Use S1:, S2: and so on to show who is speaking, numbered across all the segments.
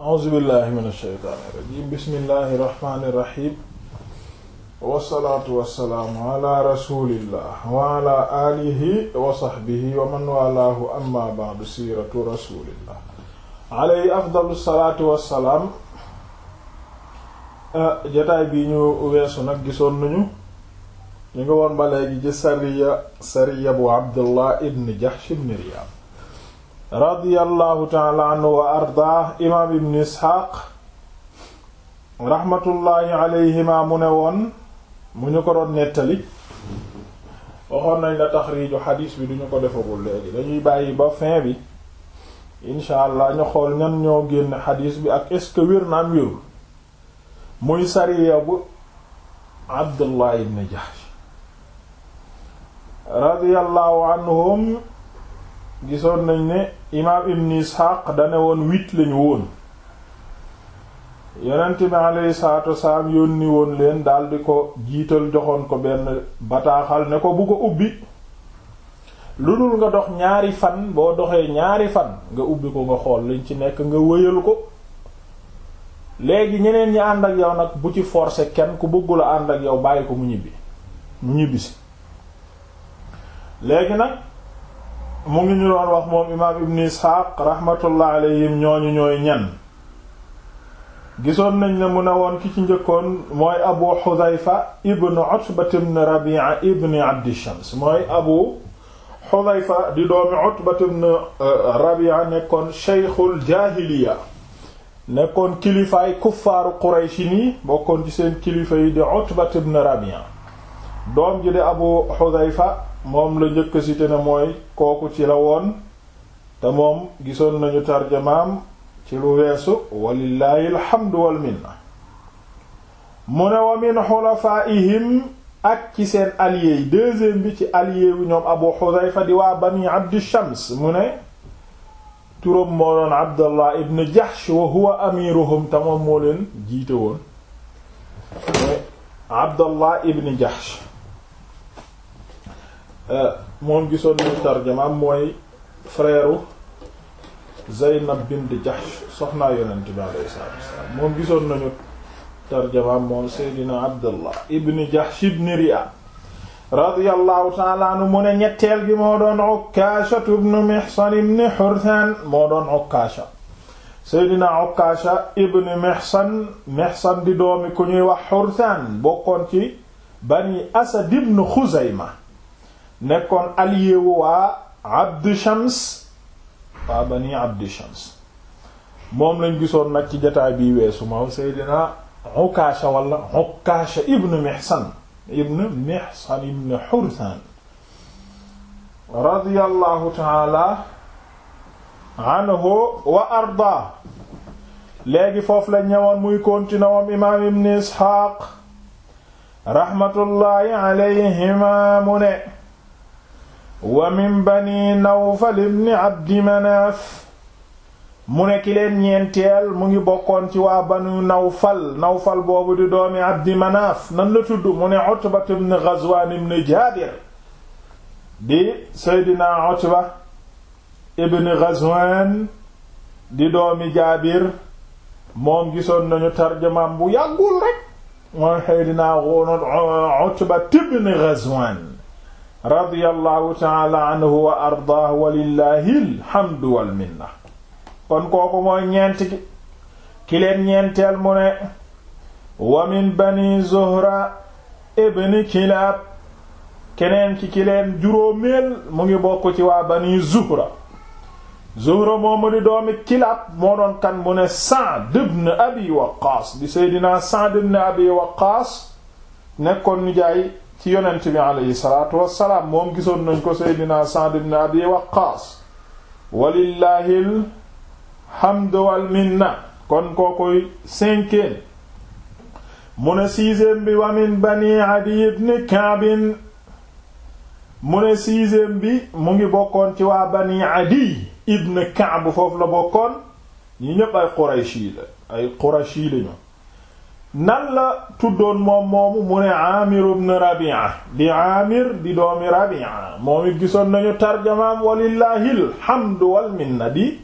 S1: a'uuzu billahi min ash-shaytaani rajiim bismillahi rahmaani rahiim wassalaatu wassalaamu ala rasulillah wa ala alihi wa sahbihi wa man siiratu rasulillah alayhi afdalu ah, bi ñu weesu nag gisoon nañu ñu nga woon ba léegi ci sariya sariya bu Abdullah ibn Jahsh ibn Riyab radiyallahu taala anhu wa ardaah imaam ibn isxaaq raxmatullaahi alayhima mu ne woon mu ñu ko doon nettali waxoon nañ la taxriiju xadiis bi duñu ko defagul léegi dañuy bàyyi ba fin bi incha allah ñan ñoo génn xadiis bi ak est-ce que wér naam wérul muy sariya bu abdullah ibn jahsh radiyallahu anhum gisoon nañ ne imaam ibn isxaaq dane woon huit lañu woon yonent bi alayhi salaatu wasalaam yónni woon leen daldi ko jiital joxoon ko benn bataaxal ne ko bu ko ubbi lu dul nga dox ñaari fan boo doxee ñaari fan nga ubbi ko nga xool liñ ci nekk nga wëyal ko léegi ñeneen ñi ànd ak yow nag bu ci forcer kenn ku bëggula ànd ak yow bàyyi ko mu ñibbi mu ñibbisi léegi nag mu ngi ñu doon wax moom imaam ibn isxaaq rahmatullah alayhim ñooñu ñooy ñan gisoon nañ ne mu ne woon ki ci njëkkoon mooy abu xudayfa ibn utbat ibn rabi'a ibn abdi shams mooy abu xudayfa di doomi utbat euh, nekkoon sheykhul jaahiliya nekkoon kilifaay kuffaaru qurayshi nii bokkoon ci seen kilifa yi di utbat doom ji di abu xudayfa moom la njëkk a cité mooy kooku ci la woon te moom gisoon nañu tarjamaam ci lu weesu walillahi alhamdu wal mu ne wa min xulafaihim ak ci seen allié yi deuxième bi ci allié wu ñoom abu xudayfa di waa bani abdi shams mu ne turam moo doon abdallah ibn jahsh wa huwa amiruhum te moom moo leen jiite woon abdallah ibn jahsh Euh, moom gisoon nañu tarjamaam mooy frère Zeynab bint Jahsh soxnaa yonent bi alayhi salaatu Seydina Abdallah ibn Jahsh ibn Ri'ab radiyallahu ta'ala mu ne ñetteel gi moo doon Ukkaasha ibn Mihsan ibn Hurthan moo doon Ukkaasha Seydina Ukkaasha ibn Mihsan Mihsan di doomi ku ñuy wax Hurthan bokkoon ci Bani Asad ibn Xuzayma nekkoon allié wu waa Shams waa bani Shams moom lañ gisoon nag ci jotaay bii weesu ma Seydina Ukaasha wala Ukaasha ibn Mihsan ibn Mihsan ibn Hursan radiyallahu taala anhu wa arda léegi foofu la ñëwoon muy continuer moom imaam ibn Isxaaq rahmatullahi alayhima mu ne wa min bani nawfal ibn abdi manaaf mu ne ki leen ñeenteel mu ngi bokkoon ci waa banu nawfal nawfal boobu di doomi abdi manaaf nan la tudd mu ne utba ibn ghazwan ibn jaabir di seydina utba ibn ghazwan di doomi radiyallahu taala anhu wa alhamdu wal kon kooku mooy ñeent ki ki ñeenteel mu ne wa min bani zuhra ibni kilaab keneen ki ki leen mu ngi bokk ci waa bani zuhra zuhra moomu di doomi kilaab moo doon kan mu ne Sa'd ibn abi waqaas di seydinaa Sa'd ibn abi waqaas nekkoon nijaay ci yonent bi aleyhi salaatu wassalaam moom gisoon nañ ko seydina Sa'd ibn Abi Waqqaas walillahil hamdu wal minna kon kookoy cinquième mu ne sixième bi wa min bani Adi ibn Ka'b mu ne sixième mu ngi bokkoon ci waa bani Adi ibn Ka'b foofu la bokkoon ñi ñépp ay Qurayshi la ay nan la tuddoon moom moomu mu ne Aamir ibn Rabi'a di Aamir di doomi Rabi'a moom it gisoon nañu tarjamaam walillahi alhamdu wal di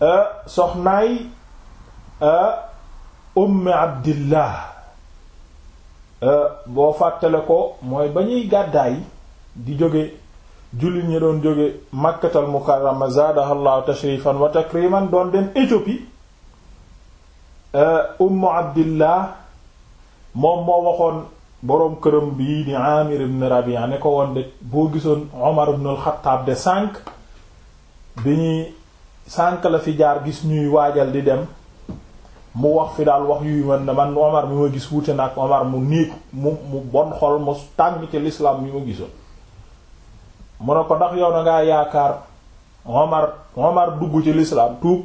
S1: euh, soxnaay euh, ummi Abdillah euh, boo fàttale ko mooy ba ñuy gàddaay di jóge jullit ñi doon jóge Makkatal Mukarrama zaadahallahu tashrifan wa doon dem Éthiopie Euh, ummu abdillah moom moo waxoon boroom këram bii di amir ibn rabia ne ko woon de boo gisoon omar ibn al de sànq bi ñuy sànq la fi jaar gis ñuy waajal di dem mu wax fi daal wax yuy man man omar mi ma gis wuute nag omar mu néeg mu mu bon xol mu tàng ci l'islam mi ma gisoon mu ne ko ndax yow ngaa yaakaar omar omar dugg ci l'islam tuub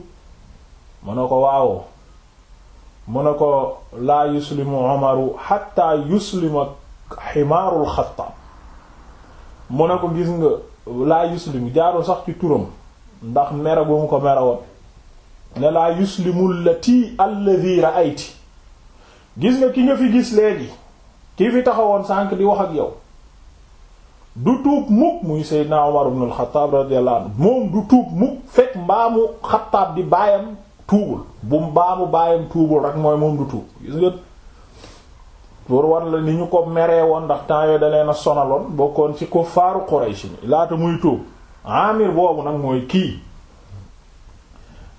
S1: mu ne ko waawoo mu ne ko laa yuslimu omaru xatta yuslima ximaarul xattaab mu ne ko gis nga laa yuslimu jaarul sax ci turam ndax mera bu mu ko mera woon ne laa yuslimu lati alladi raayti gis nga ki nga fi gis léegi kii fi taxawoon sànq di wax ak yow du tuub mukk muy seydna omar ibn al xattaab radiyallahu anhu moom du tuub mukk fekk mbaamu xattaab di baayam tuubul bu baamu baayam tuubul rek mooy moom tuub gis nga pour war la ni ñu ko meree woon ndax temps yooyu da leen a sonaloon bokkoon ci ko faaru Quraysh ni laata muy tuub Amir boobu nag mooy kii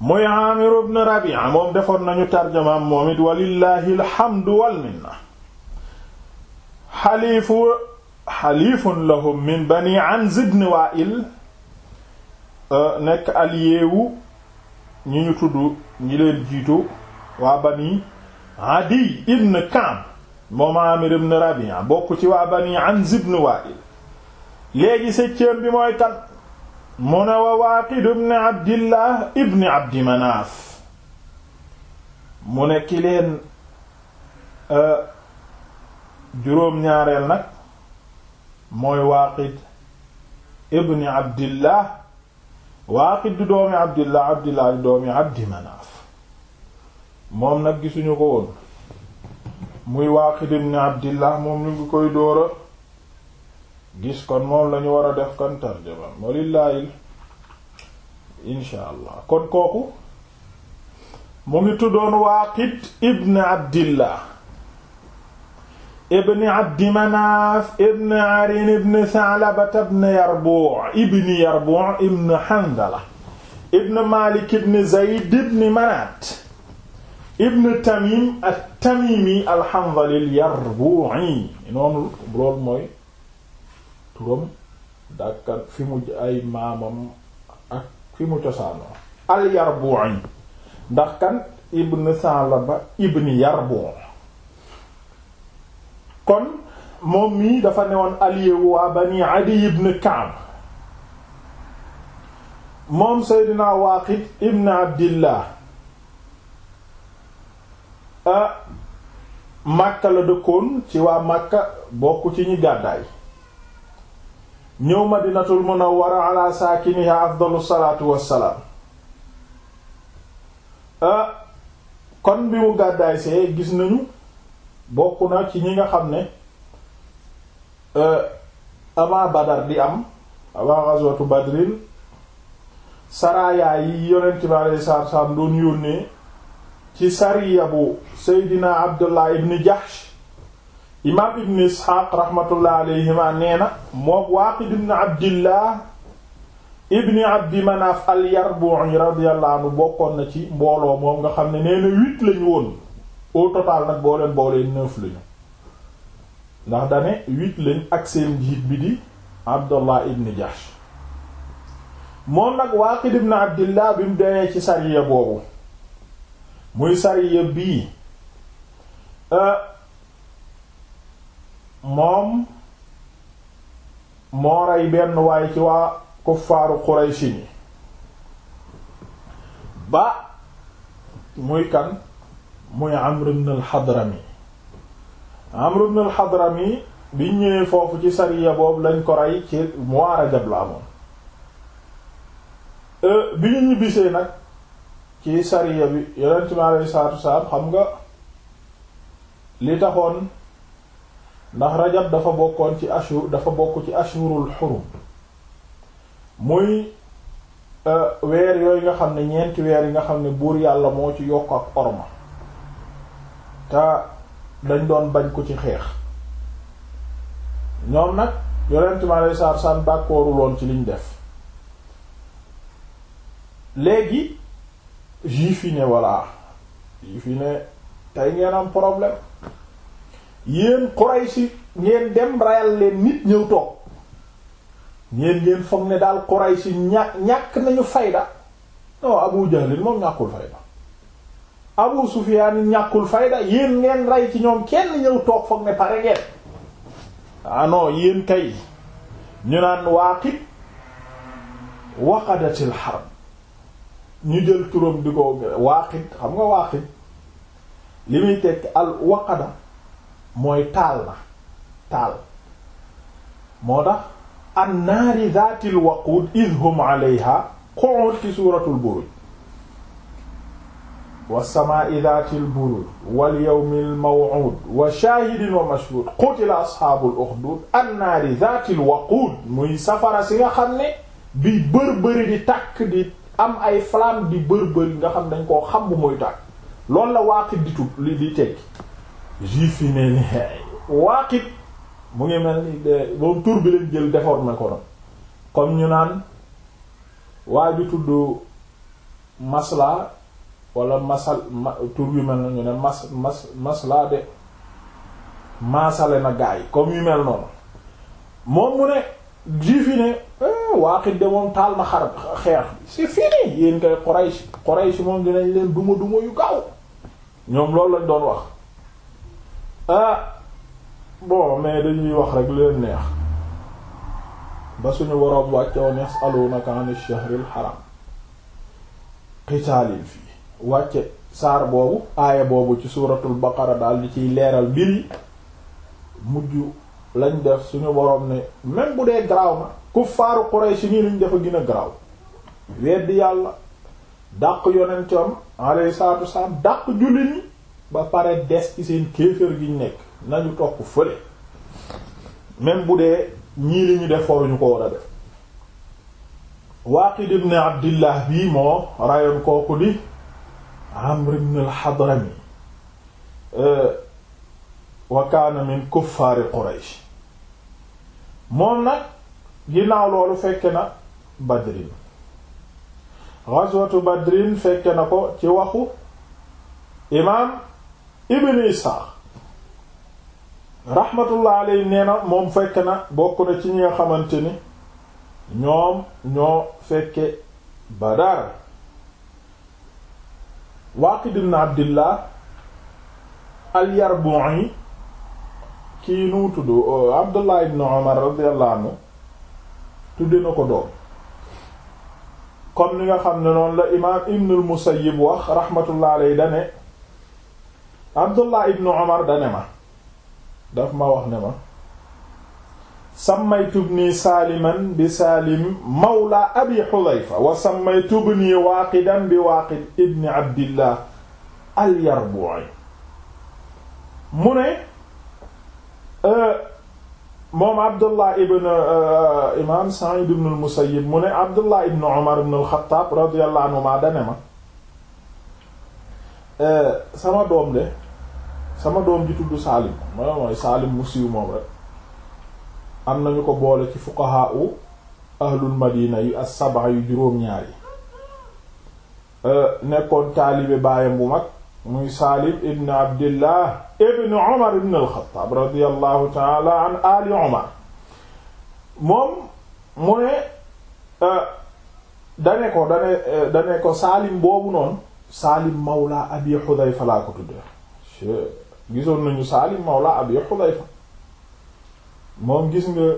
S1: muy Amir ibn Rabi'a moom defoon nañu tarjamaam moom it walillahi alhamdu wal minna xaliifu xaliifun lahum min bani Anz ibn Wa'il euh, nekk allié ñi ñu tudd ñi leen jiitu waa bani Adi ibn Kaab moom Amir ibn Rabi'a bokk ci waa bani Anz ibn Wa'il léegi septième bi mooy kan mu ne wa Waaqid ibn Abdillah ibn Abdi mu ne ki leen euh, juróom-ñaareel nag mooy Waaqid ibn Abdillah waaqid di doomi abdillah abdillah di doomi abdi manaaf moom nag gisuñu ko woon muy waaqid ibn abdillah moom ñu ngi koy dóora gis kon moom lañu war a def kon tarjama walillaahil insha allah kon kooku mu ngi tuddoon waaqid ibn abdillah ibni abdi manaaf ibn arin ibn saalabata ibn yarbu ibni yarbu ibn handala ibn malik ibn zayd ibn manaat ibn tamim ak tamimi alhandali yarbu'i noonu loolu mooy turam dàkkan fi mu ay maamam ak fi mu cosaanoo al yarbu'i ndax kan ibn saalaba ibn yarbu' kon moom mii dafa newoon allié wu waa bani Adiy ibn Ka'b moom Seydina Waaqid ibn Abdillah ah Makka la dëkkoon ci waa Makka bokk ci ñi gàddaay ñëw Madinatul Munawwara ala saakiniha afdalu salaatu wassalaam ah kon bi mu gàddaay see gis nañu bokk na ci ñi nga xam ne euh, avant badar di am avant ghazwatu badrin saraya yi yonent bi alayhi salaatu salaam doon yónnee ci sariya bu seydina abdullah ibn jahsh imaam ibn isxaaq rahmatullah alayhima nee na moom waaqid ibn abdillah ibn abdi manaaf al yarbu'i radiyallahu anhu bokkoon na ci mbooloo moom nga xam ne nee na huit woon au total nag boo leen boolee neuf lañu ndax dane huit ak seen njiit bi di Abdallah ibn Jahsh moom nag Waaqid ibn Abdillah bi mu demee ci sariya boobu muy sariya bii euh, moom moo rey benn waay ci waa kuffaaru Quraysh ni ba muy kan muy Amr ibn al-Hadrami Amr ibn al-Hadrami bi ñëwee foofu ci sariya boobu lañ ko rey ci mois Rajab la amoon euh, bi ñu ñibbisee nag ci sariya bi yonent bi alayhi salaatu salaam xam nga li taxoon ndax Rajab dafa bokkoon ci ashur dafa bokk ci ashurul xurum muy euh, weer yooyu nga xam ne ñeenti weer yi nga xam ne buur yàlla moo ci yokk ak orma te dañ doon bañ ko ci xeex ñoom nag yonent mi aleyhi salaatu salaam d'accordul woon ci liñ def léegi juif yi ne voilà juif yi tey ngeen am problème yéen Quraysh ngeen dem rayal leen nit ñëw toog ñeen ngeen foog ne daal Quraysh ñàkk ñàkk nañu fayda non Abu Jahl moom ñàkkul fayda Abu Sufyaan ñàkkul fayda yéen ngeen rey ci ñoom kenn ñëw toog foog ne pare ngeen ah non yéen kay ñu naan waaqit waqadatil harb ñu jël turam di ko waaqit xam nga waaqit li muy tekk al waqada mooy taal na taal moo tax an naari zaatil waquud idhum alayha qu'ud ci suuratul buruj wassamaa'i dhaatil buruuj wal yawmil maw'uud wa shaahidin wa mashhuud qutila ashaabul uxduud annaari dhaatil waquud muy safara si nga xam ne bi bërbëri di tàkk di am ay flamme di bërbëri nga xam dañ koo xam bu muy tàkk loolu la waaqit di tub li di tekki juif yi ne waaqit mu ngi mel ni de moom tur bi leen jël déformé ko na comme ñu naan waa bi tudd masla wala masal ma tur yu mel na ñu ne mas mas maslaa de maasale na gaa yi comme yu mel noonu moom mu ne juif yi ne eh, Waaqid de moom taal na xar xeex bi c'est fini yéen kay Quraysh Quraysh moom dinañ leen duma duma yu gaaw ñoom loolu lañ doon wax ah bon mais dañuy wax rek lu leen neex ba suñu waroom wàccoon yas'alunaka 'ani ash-shahril haram qitaalin fii wàcce saar boobu aaya boobu ci suuratul baqara daal di ciy leeral mbir yi mujj lañ def suñu borom ne même bu dee garaaw na kuffaaru Quraysh nii lañ def a gën a garaaw weddi yàlla dàq yonentam alayhi salaatu wasalaam dàq jullit ñi ba pare des ci seen kéefër gi ñu nekk nañu topp fële même bu dee ñii li ñu def fooruñu ko war a def Waaqid ibn Abdillah bii moo rayoon kooku di Amr ibn al-Hadrami euh, wa kaana min kuffaari Quraysh moom nag ginnaaw loolu fekke na Badrin ghazwatu Badrin fekke na ko ci waxu imaam Ibn Isaaq rahmatullah alay nee moom fekke na bokk na ci ñi nga xamante ni ñoom ñoo fekke Badar Waaqid ibn Abdillah al-Yarbu'i kii nu tudd oh, Abdullah ibn Umar radiyallahu anhu tudde na ko doom comme ni nga xam ne noonu la imaam Ibn al-Musayyib wax rahmatullah alayhi dane Abdullah ibn Umar dane ma daf ma wax ne ma sammaytu ibni saaliman bi saalim mawla abi xudayfa wa sammaytu ibni waaqidan bi waaqid ibni abdillah alyarbu'i mu ne euh, moom abdullah ibn euh, imam sa'id ibn al-musayyib mu ne abdullah ibn umar ibn al-khattab radiyallahu anhuma dane ma euh, sama doom de sama doom ji tudd saalim mooy saalim mu siiw moom rek am nañu ko boole ci fuqahaa u ahlul madina yi as-sab'a yu juróom-ñaar yi euh, nekkoon taalibe baayam bu mag muy saalim ibn abdillah ibn omar ibn al-Khattab radiallahu taala an ali omar moom mu ne euh, dane ko dane euh, dane ko saalim boobu noonu saalim mawla abi xudayfa laa ko tudde gisoon nañu saalim mawla abi xudayfa moom gis nga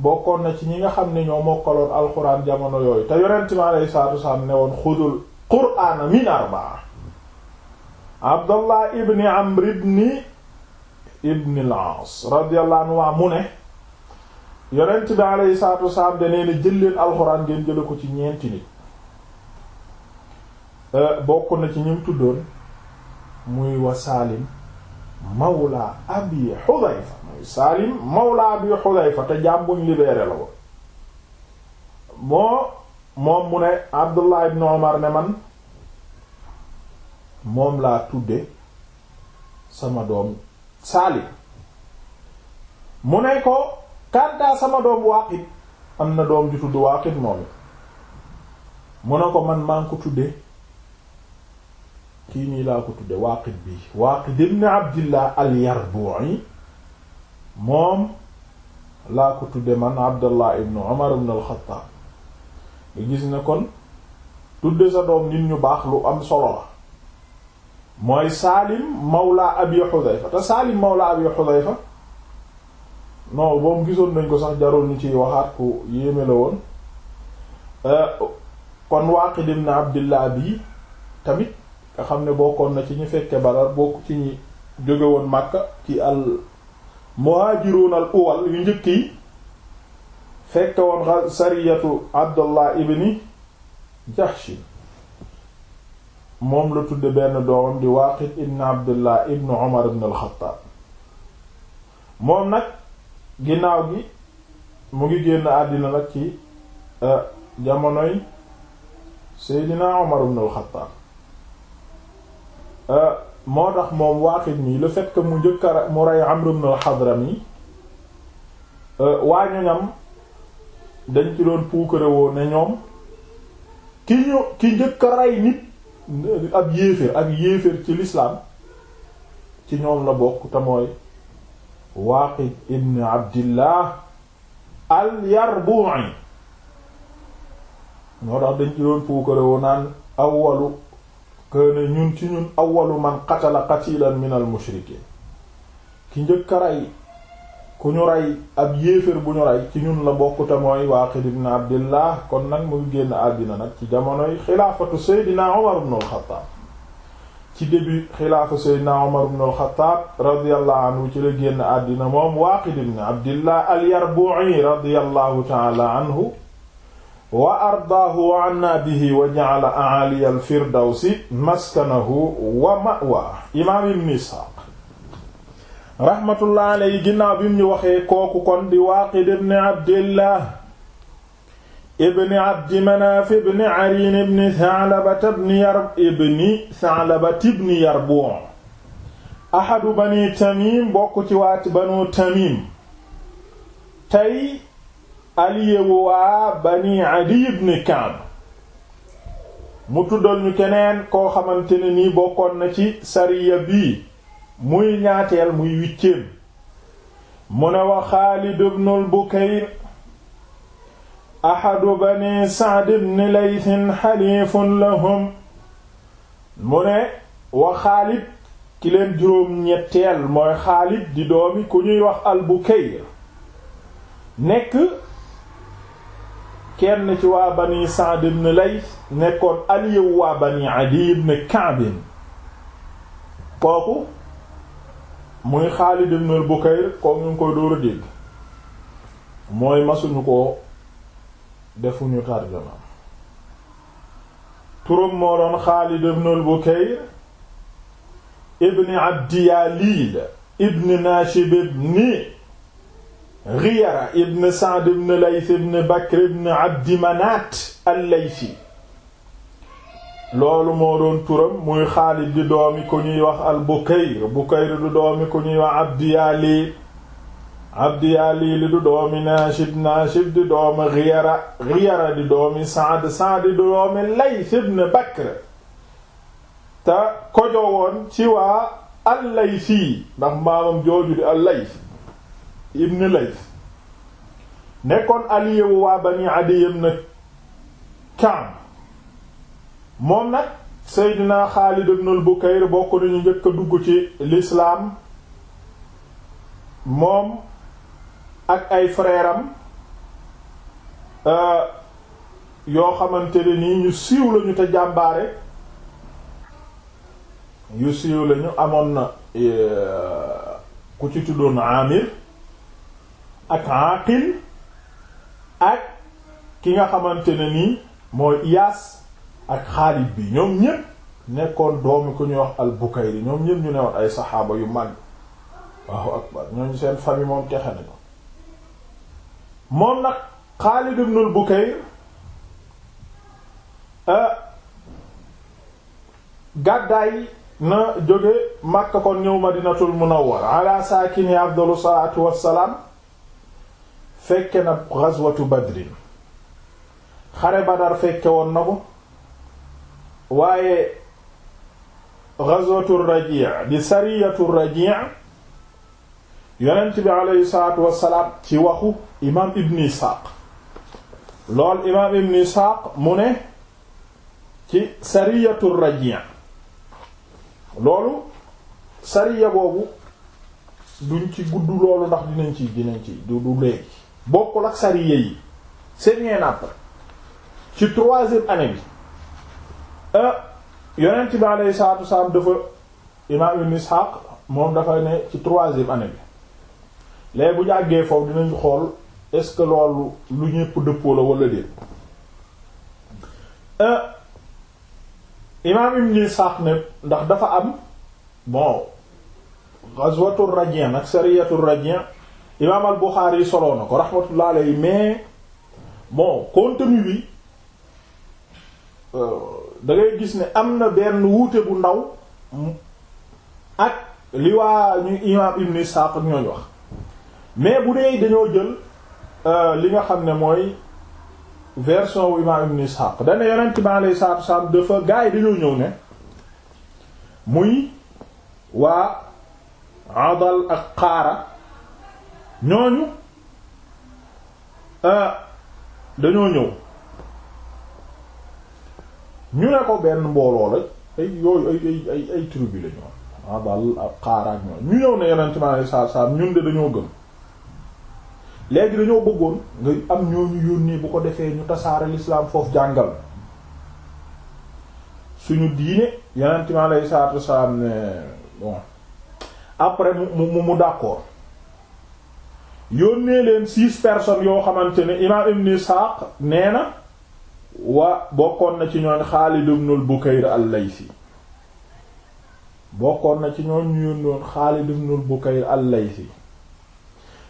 S1: bokkoon na ci ñi nga xam ne ñoo mokkaloon alxuraan jamono yooyu te yonent mi alayhi salaatu wasalaam ne woon xudul qur'aana min arbaa abdallah ibni amr ibni ibni al-aas radiyallahu anhu waa mu ne yonent bi alayhi salaatu wasalaam da nee jël alxuraan ngeen jële ko ci ñeenti nit euh, bokk na ci ñim tuddoon muy wa mawla abi xudayfa mooy Salim mawla bi Xudayfa te jàmbuñ libéré la woon moo moom mu ne Abdullah ibn Omar ne man moom laa tudde sama doom Salim mu ne ko kàddaa sama doom Waaqid am na doom ju tudd Waaqid moom it mu ne ko man maa ngi ko tudde kii nii laa ko tudde Waaqid bi Waaqid ibn Abdillah al yi moom laa ko tudde man abdallah ibnu umar ibn al-Khattab nga gis ne kon tudde sa doom nit ñu baax lu am solo la mooy saalim mawla abi xudayfa te saalim mawla abi xudayfa non boobu gisoon nañ ko sax jarul ñu ciy waxaat ku yéeme la woon eh, kon Waaqid ibn Abdillah bii tamit nga xam ne bokkoon na ci ñu fekke Badar bokk ci ñi jóge woon Makka ci al muhaajiruun al uwal yu njëkk yi fekke woon sariyatu abdullah ibni jahshin moom la tudd benn doomam di waaqid ibn abdullah ibn umar ibn alxataab moom nag ginnaaw gi mu ngi génn àddina nag ci e, jamonoy seydina umar ibn alxataab e, moo tax moom Waaqid mi le fait que mu njëkka mu rey Amr ibn al-Hadrami euh, waa ñoñam dañ ci doon puukarewoo ne ñoom ki ñu ki njëkka rey nit ab yéeféer ak yéeféer ci lislaam ci ñoom la bokk te mooy Waaqid Abdillah al-Yarbu'i moo tax dañ ci doon puukarewoo naan awwalu këne ñun ci ñun awwalu man qatala qatilan min al mushrikiin ki njëkk a rey ku ñu rey ab yéeféer bu ñu rey ci ñun la bokk te mooy Waaqid ibn Abdillah kon nag mu génn àddina nag ci jamonoy xilaafatu Seydina Umar ibn al-Khattab ci début xilaafa Seydina Umar ibn al-Khattab radiyallahu anhu ci la génn àddina moom Waaqid ibn Abdillah al-Yarbu'i radiyallahu ta'ala anhu wa ardaahu wa anna bihi wa ja'ala a'ali al-firdawsi maskanahu wa ma'wa imaam ibn Isxaaq rahmatullah alayhi ginnaaw bi mu ñu waxee kooku kon di Waaqid ibn Abdillah ibn Abdi Manaaf ibn Ariin ibn Sa'laba ibn Yar ibn Sa'laba ibn Yarbu' ahadu bani Tamiim bokk ci waati banu Tamiim tey aliyewu waa bani Adiy ibn Ka'b mu tuddal ñu keneen koo xamante ne nii bokkoon na ci sariya bii muy ñaateel muy huitième mu ne wa Xaalid ibn al-Bukayr ahadu bani Sa'd ibn Layth xaliifun lahum mu ne wa Xaalid ki leen juróom ñetteel mooy Xaalid di doomi ku ñuy wax al-Bukayr nekk kenn ci waa bani Sa'd ibn Layth nekkoon aliyewu waa bani Adi ibn Ka'b kooku muy Xaalid ibn al-Bukayr kooku ñu ngi koy dóor a dégg mooy masuñu ko defuñu tarjama turam moo doon Xaalid ibn al-Bukayr Abdi Yalil ibn Nashib ibn Ghiyara ibn Sa'd ibn Layth ibn Bakr ibn Abdi Manaat al-Laythi loolu moo doon turam muy Xaalid di doomi ku ñuy wax al-Bukayr Bukayr du doomi ku ñuy wax Abdi Yaali Abdi Yaali li du doomi Naashib Naashib di doomi Ghiyara Ghiyara di doomi Sa'd Sa'd di doomi Layth ibn Bakr te ko jowoon ci waa al-Laythi ndax maamam jooju di al-Layth ibn Layth nekkoon aliyewu waa bani Adiy ibn Ka'b moom nag Seydina Xaalid ibn al-Bukayr bokk nañu njëkk a dugg ci lislaam moom ak ay freeram euh, yoo xamante ne nii ñu siiw lañu te jàmbaare yu siiw lañu amoon na euh, ku ci tuddoon Amir ak aqil ak ki nga xamante ne nii mooy iyaas ak xaalid bi ñoom ñépp nekkoon doomi ku ñuy wax al Bukayri ñoom ñépp ñu newoon ay saxaaba yu mag waaw akbar ñooñu seen famille moom texe nañu moom nag Xaalid ibn al Bukayr euh, gàddaay na jóge Makka kon ñëw Madinatul Munawwara ala saakini afdalu salaatu wassalaam fekke na ghazwatu badrin xare badar fekke woon na ko waaye ghazwatu raji' di sariyatu raji' yonent bi aleyhi salaatu wassalaam ci waxu imaam ibn isxaaq lool imaam ibn isxaaq mu ne ci sariyatu raji' loolu sariya boobu duñ ci gudd loolu ndax dinañ ci dinañ ci du léegi bokkul ak sariya yi c'est bien après ci troisième année bi euh, yonent ci alayhi saatu wasalaam dafa imaam ibn Ishaq moom dafa ne ci troisième année bi léegi bu jàggee foofu dinañu xool est-ce que loolu lu ñépp dëppoo la wala déet euh, imaam ibn Ishaq ne ndax dafa am bon ghazwatur Rajin ak tour Rajin imaam al Buxaari soloo na ko rahmatullah alayhi mais bon contenu bi euh, da gis ne am na benn wuute bu ndaw ak li waa ñu imaam Ibn Isaaq ak wax mais bu dee dañoo jël euh, li nga xam ne mooy version wu imaam Ibn Isaaq dana yonent bi alayhi salaatu wasalaam dafa gaa yi dañoo ñëw ne muy waa adal ak xaara ñooñu ah, dañoo ñëw ñu ne ko benn mbooloo la ay yooyu ay ay ay tribu la ñoom ah daal ah, xaaraak ñoom ñu ñëw ne yeneen ci maanaam saa ñun de dañoo gëm léegi dañoo bëggoon nga am ñooñu yónnee bu ko defee ñu tasaare l'islam foofu jàngal suñu diine yeneen ci maanaam saa ne bon après mu mu mu d'accord. yónnee leen six personnes yoo xamante ne imaam ibn Isxaaq nee na wa bokkoon na ci ñooñ Xaalid ibn al-Bukayr al bokkoon na ci ñooñ ñu yónnoon Xaalid ibn al-Bukayr al-Laysi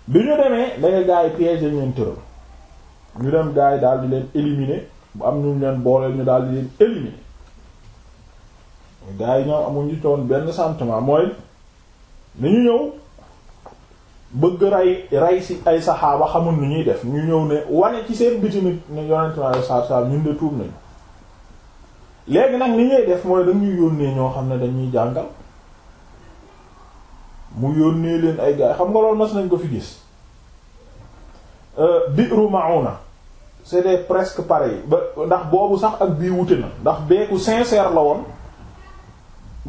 S1: bi ñu demee danga gaay piéger ñeen tëral ñu dem gaay daal di leen éliminer bu am ñu leen booleel ñu daal di leen éliminer gaay ñoom amuñu ci woon benn sentiment mooy ni ñu ñëw bëgg rey ray si ay saxaaba xamul nu ñuy def ñu ñëw ne wane ci seen biti ñu ne yonent ma saab saab ñun de tuub nañu léegi nag ni ñuy def mooy dañuy yónnee ñoo xam ne dañuy jàngal mu yónnee leen ay gaay xam nga loolu mas nañ ko fi gis bi euh, Bi'ru Mauna c'est presque pareil ba ndax boobu sax ak bii wuti na ndax beeku sincère la woon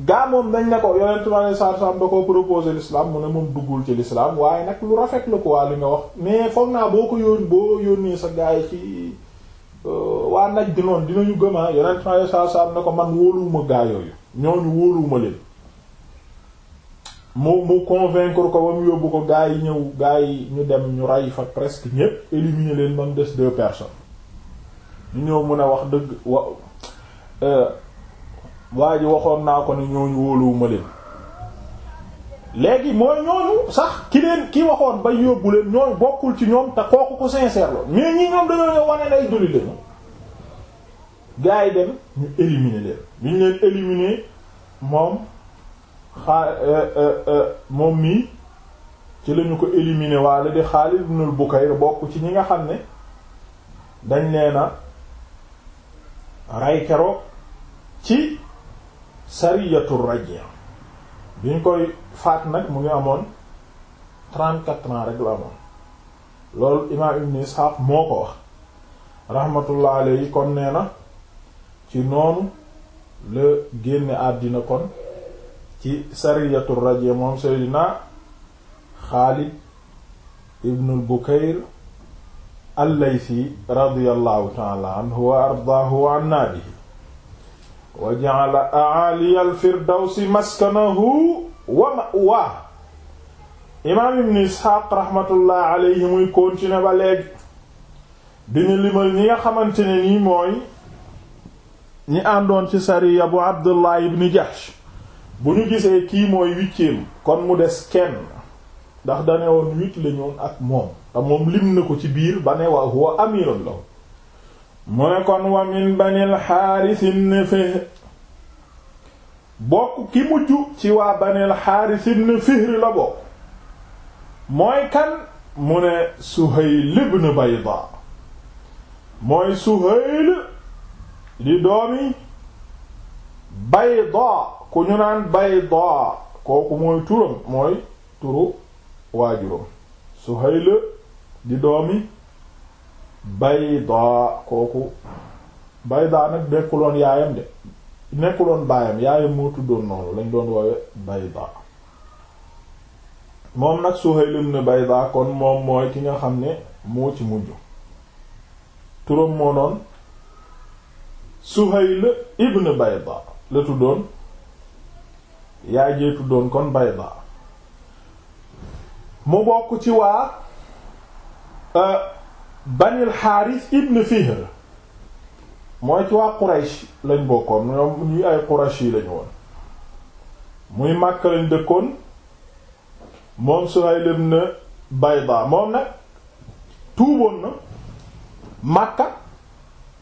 S1: gaa moom dañ ne ko yonentu Yàlla sallallahu alayhi wasallam da ko mu ne moom duggul ci l'islam waaye nag lu rafet la ko waa li nga wax mais foog naa boo ko yóon boo yónnee sa gaa yi ci euh, waa naj di noonu dinañu gëmaa ah, yonentu Yàlla sallallahu ne ko man wóoluwuma gaa yooyu ñooñu wóoluwuma leen mu mu convaincre ko ba mu yóbbu ko gaa yi ñëw gaa yi ñu dem ñu rey fa presque ñépp éliminer leen ba mu des deux personnes ñu ñëw mën a wax dëgg wa euh, waa ji waxoon naa ko ni ñooñu wóoluwuma leen léegi mooy ñooñu sax ki leen ki waxoon ba yóbbu leen ñooñu bokkul ci ñoom te kooku ko sincère la mais ñi ñoom dañoo ñëw wane lay duli lañu gars yi dem ñu éliminer leen ñu ñu leen moom xaa euh, euh, euh, moom mii ci lañu ko éliminer waale di Xaalid ibnul Bukayr bokk ci ñi nga xam ne dañ leena ray ci sariyatu rajia bi ñu koy faat nag mu ngi amoon trente-quatre ans rek la amoon imaam ibn Isxaaq moo ko wax rahmatullah alayhi kon nee na ci noonu la génne àddina kon ci sariyatu rajia moom Seydina Xaalid ibnul Bukayr al-Laythi radiyallahu taala anhu wa ardaahu wa annaabihi wa ja'ala a'aliya al-firdawsi maskanahu wa ma'waa imaam ibn Isxaaq rahmatullah alayhi muy continuer ba léegi diñu limal ñi nga xamante ne nii mooy ñi àndoon ci sariya bu Abdullah ibn Jahsh bu ñu gisee kii mooy huitième kon mu des kenn ndax dane woon huit lañoon ak moom te moom lim na ko ci biir ba ne wa huwa amirun mu ne kon wa min banil xaaris ibn Fihr bokk ki mujj ci waa banil xaaris ibn Fihr la bokk mooy kan mu ne Suhayl ibn Bayda mooy Suhayl di doomi Bayda ku ñu naan Bayda kooku mooy turam mooy turu waajuram Suhayl di doomi bayda kooku bayda nag nekkuloon yaayam de nekkuloon baayam yaayam moo tuddoon noonu lañ doon woowe bayda moom nag Suhayl ibn Bayda kon moom mooy ki nga xam ne moo ci mujj turam moo noon Suhayl ibn Bayda la tuddoon yaay jee tuddoon kon Bayda mu bokk ci waa euh, banil xaaris ibn Fihr mooy ci waa Quraysh lañ bokkoon ñoom ñuy ay Quraysh yi lañu woon muy màkk lañ dëkkoon moom Suhayl ibn Bayda moom nag tuuboon na Makka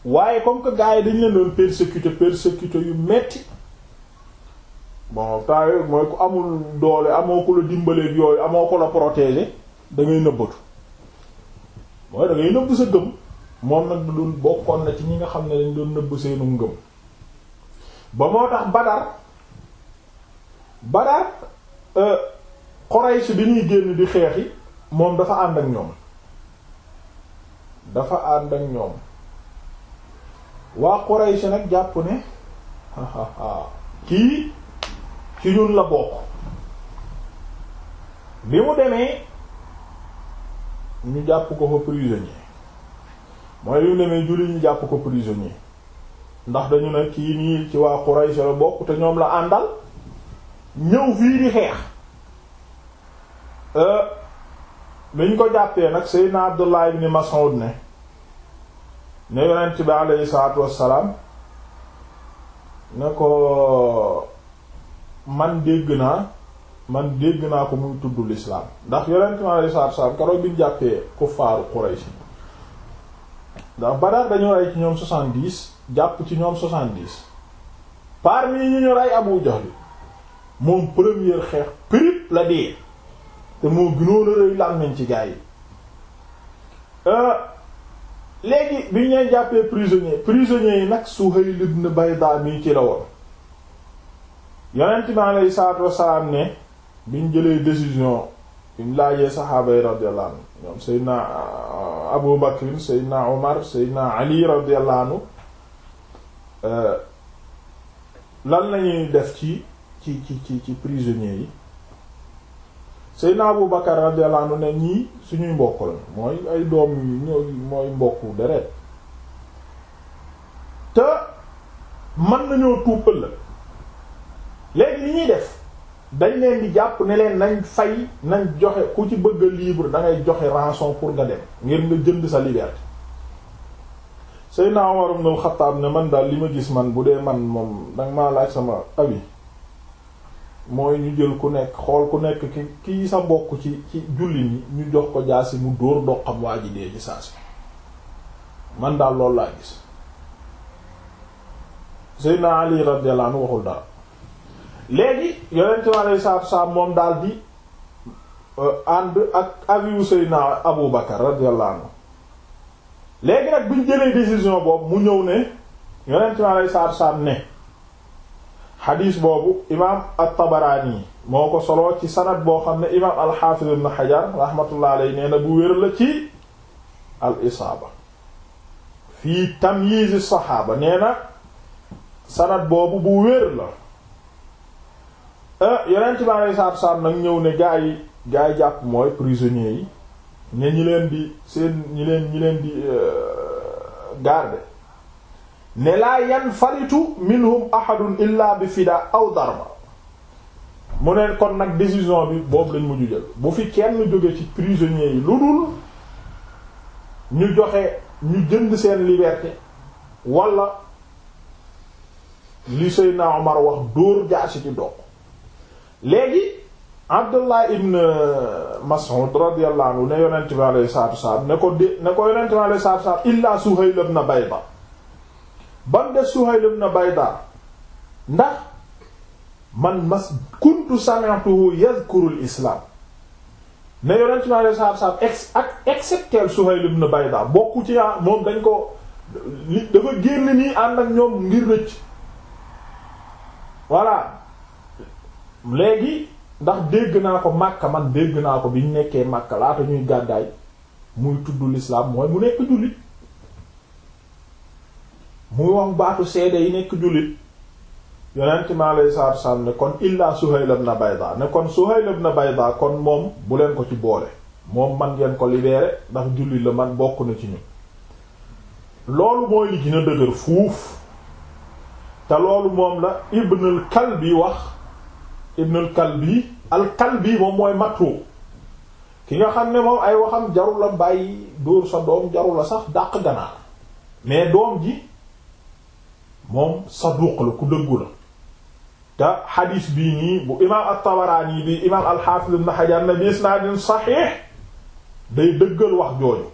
S1: waaye comme que gars yi dañ leen doon yu metti bon taay mooy ku amul doole amoo ko la dimbaleeg yooyu amoo ko la protégé da nëbbatu mooy da ngay nëbb sa gëm moom nag da doon bokkoon na ci ñi nga xam ne dañ doon nëbb seenu ngëm ba moo tax Badar Badar euh, Quraysh bi ñuy génn di xeexi moom dafa ànd ak ñoom dafa ànd ak ñoom waa Quraysh nag jàpp ne kii ci ñun la bokk bi mu demee ñu jàpp ko ko prisonnier mooy li mu demee jullit jàpp ko prisonnier ndax dañu ne kii nii ci waa Quraysh la bokk te ñoom la àndal ñëw fii di xeex euh, biñ ko jàppee nag Seydina Abdullah ibn Mas'ud ne ne yonent bi alayhi salaatu wassalaam ne ko man dégg naa man dégg naa ko muy tudd l'islam ndax yonent mi alayhi salaatu salaam keroog bi ñu jàppee kuffaaru Quraysh ndax Badar dañu rey ci ñoom soixante-dix jàpp ci ñoom soixante-dix parmi ñi ñu rey Abu moom première xeex prip la dee te moo gënoon a rëy làmmiñ ci gaa yi euh, léegi bi ñu leen jàppee prisonnier prisonnier yi nag Suhayl ibn Bayda mi ci la woon yonent mi alayhi salaatu salaam ne biñ jëlee décision biñ laajee saxaaba yi radiyallahu anhu ñoom seydna euh, abu bakrin seydna omar seydna ali radiyallahu anhu euh, lan lañuy def ci ci ci ci ci prisonniers yi seydna abu bakar radiyallahu anhu ne ñii suñuy mbokk la mooy ay doom yu ñooy mooy mbokku deret te mën nañoo tuub ëllëg léegi li ñuy def dañ leen di jàpp ne leen nañ fay nañ joxe ku ci bëgg a libre da ngay joxe rançon pour nga dem ngir nga jënd sa liberté Seydina Umar ibn al-Khattab ne man daal li ma gis man bu dee man moom danga ma laaj sama avis mooy ñu jël ku nekk xool ku nekk ki ki sa bokk ci ci julli ni ñu jox ko jaasi mu dóor doqam waa ji dee ci saa si man daal lool laa gis Seydina Ali radiyallahu waxul dara léegi yonent bi aleyhi salaatu salaam moom daal di euh, ànd ak aviwu Seydina Abu Bakar radiyallahu anhu léegi nag buñ jëlee décision boobu mu ñëw ne yonent bi aleyhi salaatu salaam ne xadiis boobu imaam at-Tabaraani moo ko solo ci sanad boo xam ne imaam al-Hafiz ibn Hajar rahmatullah alayhi nee na bu wér la ci al-Isaaba fii tamyiiz as-saxaaba nee na sanad boobu bu wér la Euh, yonent bi alei saatu salaam nag ñëw ne gaa yi gaa yi jàpp mooy prisonniers yi ne ñi leen di seen ñi leen ñi leen di euh, garde ne laa yanfaritu minhum ahadun illa bi fida aw darba mu ne kon nag décision bi boobu lañ mujju jël bu fi kenn jóge ci prisonniers yi lu dul ñu joxe ñu jënd seen liberté wala li Seydina Omar wax dóor jaasi ci doq léegi Abdullah ibn euh, Mas'ud radiyallahu anhu ne yonent bi alayhi salaatu salaam ne ko dé ne ko yonent bi alayhi salaatu salaam illaa Suhayl Bayda ban def Suhayl ibn Bayda ndax man mas kuntu sami'tuhu yadhkuru al-islam ne yonent bi alayhi salaatu salaam ex ak excepté Suhayl Bayda bokku ci yaa ah, moom dañ ko li dafa génn nii ànd ak ñoom ngir rëcc voilà léegi ndax dégg naa ko màkka man dégg naa ko bi nekkee màkka laata ñuy gàddaay muy tudd l'islam mooy mu nekk jullit mu wax baatu seede yi nekk jullit yonent mi alayhi salaatu salaam ne kon illaa Suhayl ibn Bayda ne kon Suhayl ibn Bayda kon moom bu leen ko ci boole moom man ngeen ko libéré ndax jullit la man bokk na ci ñu loolu mooy li gën dëgër fuuf te loolu moom la Ibnul Kalbi wax ibn al-Kalbi al moom mooy matruuk ki nga xam ne moom ay waxam jarul la bàyyi dóor sa doom jarul la sax dàq ganaar mais doom ji moom saduq la ku dëggu la te xadiis bii nii bu imaam at-Tabaraani bi imaam al-Hafiz ibn Hajar na bi isnaadin saxiix day dëggal wax jooju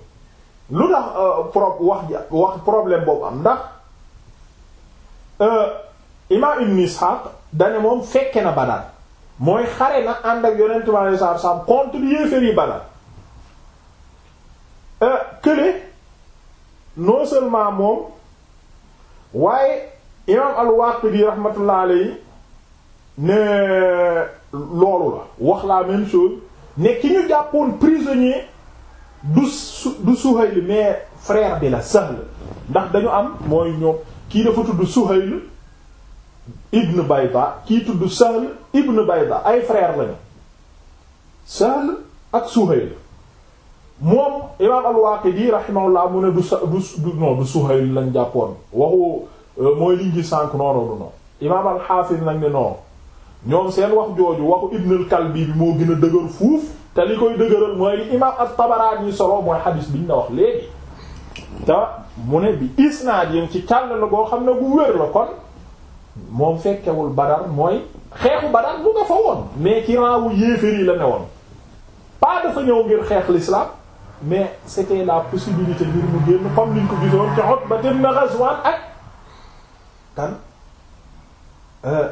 S1: lu tax euh, pro boobu am ndax euh, imaam ibn Isxaaq dane moom fekke na Badar mooy xare na ànd ak yonent bi alayhi salaatu salaam contre yéefar yi Badar euh, kële non seulement moom waaye imaam al-Waaqidi rahmatullahi alayhi ne loolu la wax la même chose ne ki ñu jàppoon prisonnier du su du Suhayl mais frère bi la Sahl ndax dañu am mooy ñoom kii dafa tudd Suhayl ibn Bayda kii tudd Sahl ibn Bayda ay frère lañu Sahl ak la moom imaam al-Waaqidi rahimahullah mu ne du sa du non du Suhayl waxu euh, mooy liñ gi sànk noonu du non imaam al-Haafiz nag ne noonu ñoom seen wax jooju waxu ibn al-Kalbi bi moo gën a dëgër fuuf te li koy dëgëral mooy li imaam at-Tabaraani solo mooy xadiis biñ la wax léegi te mu ne bi isnaad yéen ci càll la boo xam ne bu wér la kon moom fekkewul Badar mooy xeexu Badar lu nga fa woon mais ci raawu yéeféer yi la ne woon pas dafa ñëw ngir xeex l'islam mais c'était la possibilité ngir mu génn comme liñ ko gisoon ci Utba ibn Ghazwan ak kan euh,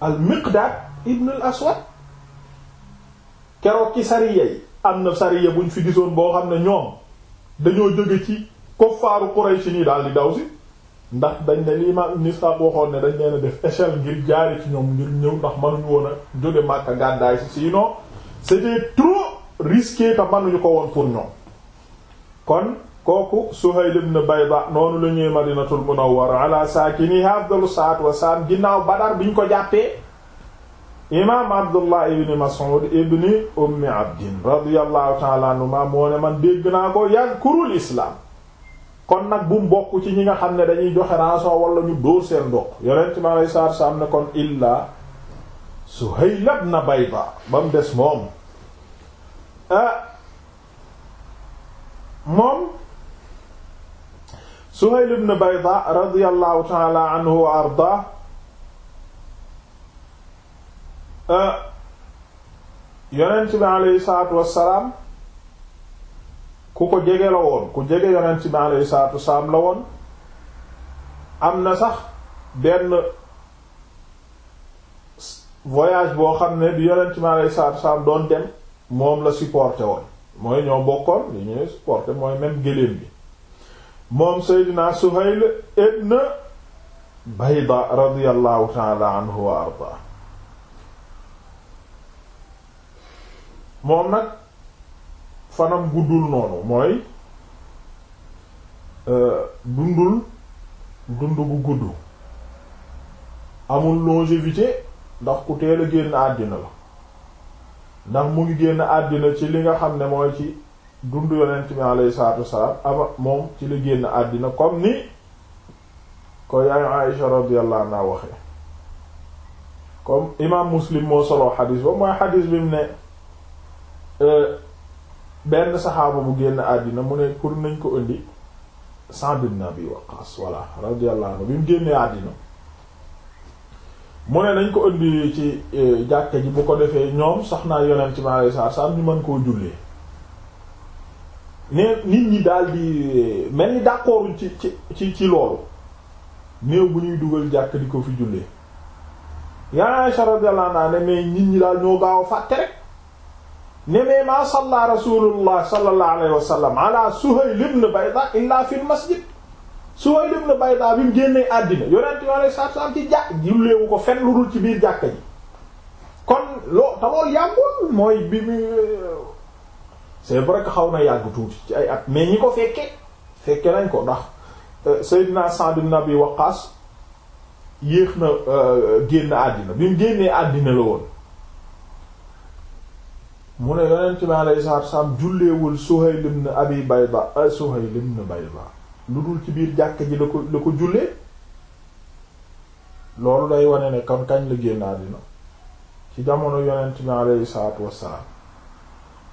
S1: al Miqdad ibn Aswad keroog ci sariya yi am na sariya buñ fi gisoon boo xam ne ñoom dañoo jóge ci kuffaaru Quraysh ni daal di daw si ndax dañ ne lii ma ni sax waxoon ne dañ leen def échelle ngir jaari ci ñoom ngir ñëw ndax mënuñu woon a jóge Makka gàddaay si sinon c'était trop risqué te mënuñu ko woon pour ñoom kon kooku Suhayl ibn Bayda noonu la ñuy Madinatul Munawwara ala saakini afdalu salaatu wassalaam ginnaaw Badar bi ñu ko jàppee imaam Abdullah ibn Mas'ud ibn Ummi Abdin radiyallahu ta'ala anhuma moo ne man dégg naa ko yadkurul islam kon nag bu mu bokk ci ñi nga xam ne dañuy joxe rançon wala ñu dóor seen doq yonent mi aleyhi salaatu salaam ne kon illaa Suhayl ibn Bayda ba mu des moom ah, moom Suhayl ibn Bayda radiyallahu ta'ala wa ardaa ah, yonent mi aleyhi salaatu wassalaam ku ko jege la woon ku jege yonent bi alayhi salaatu salaam la woon am na sax benn voyage boo xam ne bi yonent bi alayhi salaatu salaam doon dem moom la supporté woon mooy ñoo bokkoon li ñuy supporté mooy même géléem bi moom Seydina Suhayl ibn Bayda radiyallahu ta'ala anhu wa arda moom nag fanam guddul noonu mooy euh, dundul dund gu gudd amul longévité ndax ku teel a génn àddina la ndax mu ngi génn àddina ci li nga xam ne mooy ci dund yonent bi alayhi salaatu wassalaam ama moom ci la génn àddina comme ni ko yaayu Aïsha radiyallahu anha waxee comme imaam Muslim moo solo xadiis ba mooy xadiis bi mu ne euh, benn saxaaba bu génn àddina mu ne pour nañ ko indi Sa'd ibn Abi Waqqas voilà radiyallahu anhu bi mu génnee àddina mu ne nañ ko indi ci eh, jàkka ji bu ko defee ñoom soxnaa yonent mi alayhi salaatu salaam ñu mën koo jullee ne nit ñi daal di eh, mel ni d'accord ci ci ci ci loolu néew bu ñuy dugal jàkk di ko fi jullee yaa Aisha radiyallahu anha ne mais nit ñi daal ñoo gaaw a fàtte rek ne mais maa salla rasulullah sallallahu alayhi wa sallam ala Suhayl ibn Bayda illa fil masjid Suhayl ibn Bayda bi mu génnee àddina yonent yoo ne saab saab ci jàkk julleewu ko fenn lu dul ci biir jàkka ji kon loo te loolu yàggul mooy bi mu c'est vrai que xaw na yàgg tuuti ci ay at mais ñi ko fekke fekke nañ ko ndax euh, Seydina Sa'd ibn Abi Waqqas yéex na euh, génn àddina bi mu génnee àddina la woon mu ne yonent bi alayhi salaatu salaam julleewul Suhayl ibn Abi Bayda euh, Suhayl ibn Bayda lu dul ci biir jàkka ji la ko la ko jullee loolu day wane ne kon kañ la génn àddina ci jamono yonent bi alayhi salaatu wassalaam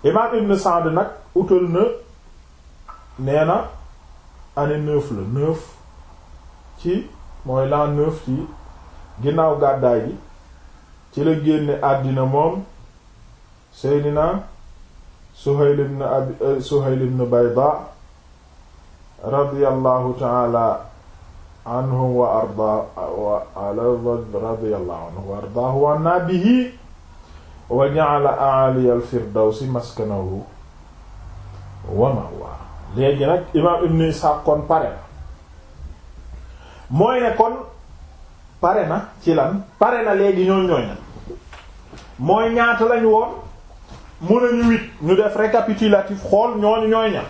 S1: imaam Ibn Sa'd nag utal na nee na année neuf la neuf ci mooy l'an neuf ci ginnaaw gàddaay gi ci la génne àddina moom seydina Suhayl ibn Abi eh, Suhayl ibn Bayda radiyallahu taala anhu wa arda wa radiyallahu anhu wa ardaahu wa anna wa ja'ala a'ali al-firdawsi maskanahu wa ma'wa léegi nag imaam ibn Ishaq kon pare na mooy ne kon pare na ci lan pare na léegi ñooñ ñooñ na mooy ñaata lañu woon mu ne ñu huit ñu def récapitulatif xool ñooñu ñooy ña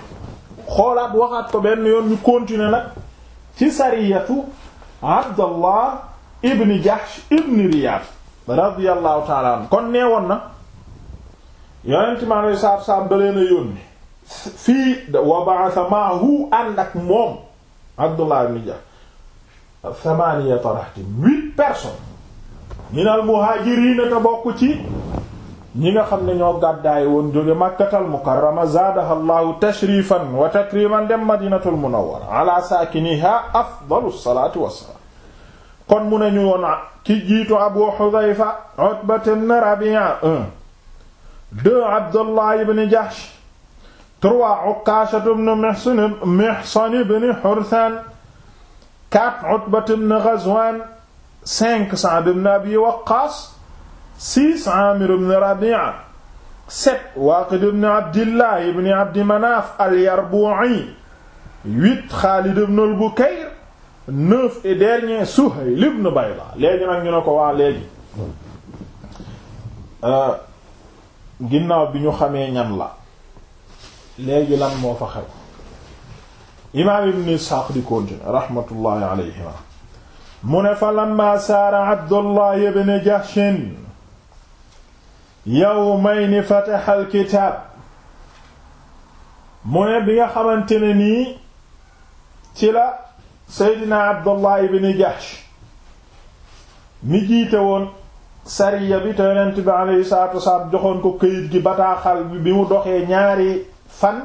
S1: xoolaat waxaat ko benn yoon ñu continuer nag ci sariyatu Abdallah ibn Jahsh ibn Riyab radiyallahu ta'ala kon nee woon na yonent ma ne saab saab da leen a yónni fii wa ba'atha ma'ahu ak moom Abdullah ibn Jahsh thamaniyata rahtin huit personnes minal muhajiriin te bokk ci ñi nga xam ne ñoo gàddaay woon jóge màkkatal mukarrama zaadaha llahu tashrifan wa takriman dem madinatul munawwara ala saakiniha afdalu salaatu wassalaam kon mu nañu woon ki jiitu abu hudhayfa utbat ibn rabi'a un deux abdullah ibn jahsh trois ukaasha ibn mihsan mihsan ibn hurthan quatre utbat ibn ghazwan cinq sa'd ibn abi waqqas six Aamir ibn Rabi'a sept Waaqid ibn Abdillah ibn Abdi al-Yarbu'i huit Xaalid ibn al-Bukayr neuf dernier Suhayl ibn Bayda léegi nag ñu ne ko waa léegi euh, ginnaaw bi ñu xamee ñan la léegi lan moo fa xew imaam ibn Isxaaq di continuer raxmatullaahi alayhima mu ne fa lamma saara Abdullahi ibn Jahshin yawmayni fataha alkitaab mu ne bi nga xamante ne nii ci la seydina abdullah ibn jahsh mi jiite woon sariya bi te yonent bi aleyhi salaatu wasalaam joxoon ko këyit gi bataaxal bi mu doxee ñaari fan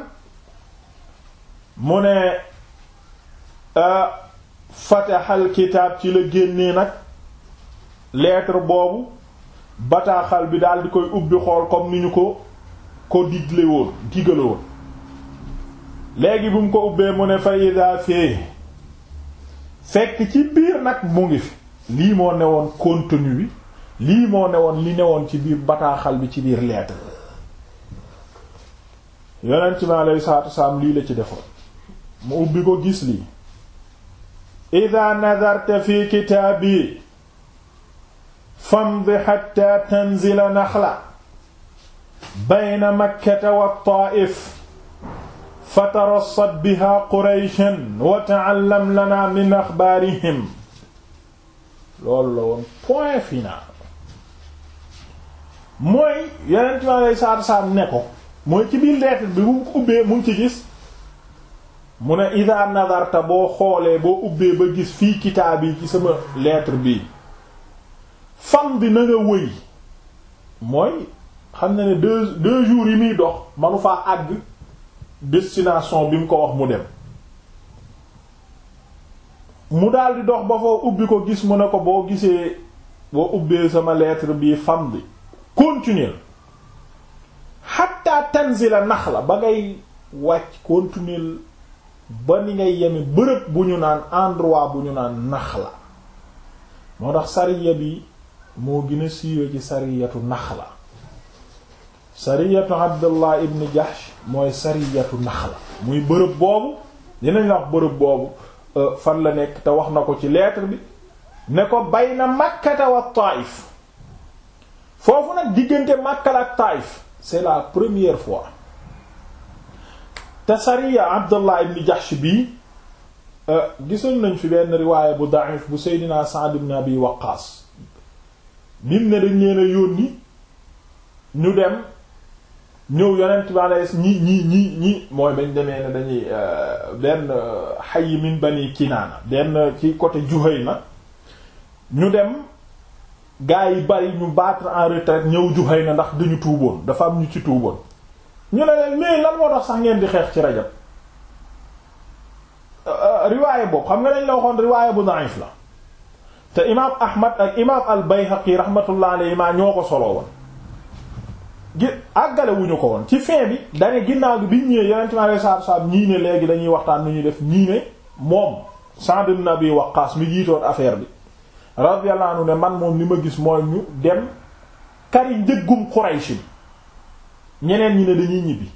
S1: mu ne fataha alkitaab ci la génnee nag lettre boobu bataaxal bi daal di koy ubbi xool comme ni ñu ko ko digle woon digale woon léegi bu mu ko ubbee mu ne fa ida fee fekk ci biir nag mu ngi fi lii moo ne woon contenu bi lii moo ne woon li ne woon ci biir bataaxal bi ci biir lettre yonent mi alayhi salaatu wasalaam lii la ci defoon mu ubbi ko gis lii ida nazarta fi kitaabi famdi xatta tanzila naxla bayna makkata wa taa'if fatarassat biha qurayshan wa ta'allam lana min axbaarihim loolu la woon point final mooy yeneen ci lay saar saar ne ko mooy ci biir lettre bi bu ubbee mu ci gis mu ne idaa nadarta boo xoolee boo ubbee ba gis fii kitaab yi ci sama lettre bi fam bi na nga wëy mooy xam na ne deux deux jours yi muy dox manu faa àgg destination bi mu ko wax mu dem mu daldi dox ba foo ubbi ko gis mu ne ko boo gisee boo ubbee sama leetre bii fam bi continuer xatta tanzila la ba ngay wàcc continuer ba ni ngay yeme bërëb bu ñu naan endroit bu ñu naan nax la moo tax sariya bi moo gën a siiwe ci sariyatu Naxla sariyatu Abdullah ibn Jahsh mooy sariyatu Naxla muy bërëb boobu dinañ wax bërëb boobu euh, fan la nekk te wax na ko ci lettre bi ne ko bayna Makkata wa Taïf foofu nag diggante Makka ak Taïf c'est la première fois te sariya Abdullah ibn Jahsh bii euh, gisoon nañ fi benn riwaaya bu da'if bu Seydina Sa'd ibn Abi Waqqas bim ne dañ leen a yónni ñu dem ñëw yonent bi alayhi ñi ñi ñi ñi mooy bañ demee ne dañuy euh, benn euh, xay min bani kinaana benn ci côté na ñu dem gaa yi bari ñu battre en retraite ñëw Juhayna ndax dañu tuuboon dafa am ñu ci tuuboon ñu ne leen mais lan moo tax sax ngeen di xeex ci Rajab euh, riwaaye boobu xam nga dañ la waxoon riwaaye bu naif la te imaam Ahmad ak imaam al-Bayhaqi rahmatullah alayhima ñoo ko solo woon gi àggale wuñu ko woon ci fee bi dane ginnaaw bi biñ ñëwee yonent mi alayhi salaatu salaam ñii léegi dañuy waxtaan nu ñuy def ñii ne moom Sa'd ibn Abi Waqqaas mi jiitoon affaire bi radiyallahu anhu ne man moom li ma gis mooy ñu dem kari njëggum Quraysh ñeneen ñi ne dañuy ñibbi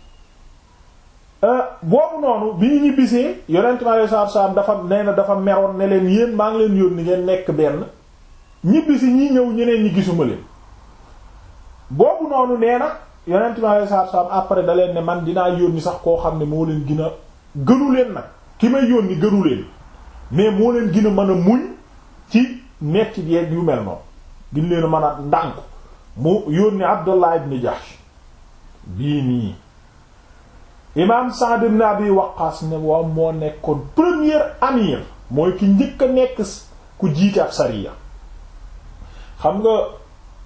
S1: Euh, boobu noonu bi ñu ñibbisee yonent mi aleyhi dafa nee na dafa meroon ne leen yéen maa ngi leen yónni ngeen nekk benn ñibbisi ñi ñëw ñeneen ñi gisuma leen boobu noonu nee na yonent mi aleyhi salaatu salaam après da leen ne man dinaa yónni sax koo xam ne moo leen gina gënu leen nag ki may yónni gënu leen mais moo leen gën a mën a muñ ci metti yeeg yu mel noonu gën leen a mën a ndànk mu yónni Abdullah ibn Jahsh bii nii. imaam Sa'd ibn Abi Waqqas ne waaw moo nekkoon premier amir mooy ki njëkk a nekk ku jiite ab sariya xam nga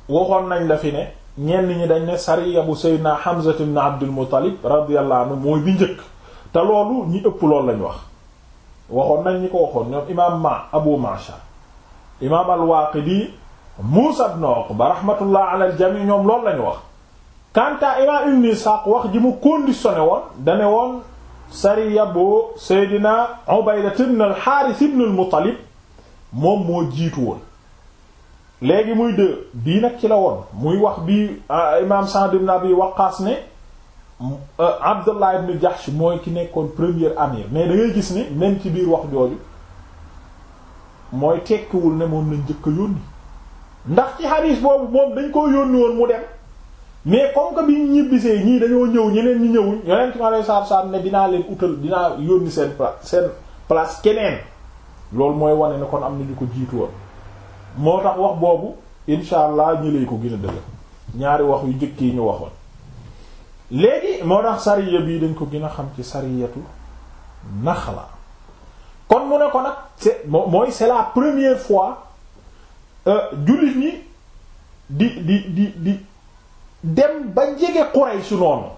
S1: waxoon nañ la fi ne ñenn ñi dañ ne sariya bu Seydina Hamza ibn Abdul Muttalib radiyallahu anhu mooy bi njëkk te loolu ñi ëpp loolu lañ wax waxoon nañ ñi ko waxoon ñoom imaam ma Abu Ma'shar imaam al-Waqidi Muusa ibn Uqba rahmatullah ala al-jami ñoom loolu lañ wax kanta imaam ibn Isxaaq wax ji mu conditionné woon dane woon sariya bu Seydina Ubaydat ibn al-Haaris ibn al-Muttalib moom moo jiitu woon léegi muy dë bii nag ci la woon muy wax bii ah, imaam Sa'd ibn Abi Waqqaas ne euh, Abdullah ibn Jahsh mooy ki nekkoon premier amir mais dangay gis ni même ci biir wax jooju mooy tekkiwul ne moom lañ njëkk a yónni ndax ci xadiis boobu moom dañ koo yónni woon mu dem mais comme que bi ñu ñibbisee ñii dañoo ñëw ñeneen ñi leen ñeneen ci ma lay saabsaab ne dinaa leen utal dinaa yónni seen place seen place keneen loolu mooy wane ne kon am na ñu ko jiitu woon moo wax boobu incha allah ñi lay ko gën a dëgg ñaari wax yu njëkk yi ñu waxoon. léegi moo tax sariya bii dañ ko gën a xam ci sariyatu Naxla kon mu ne ko nag c'est mooy c'est la première fois euh, jullit ñi di di di di. dem ba jege Quraysh noonu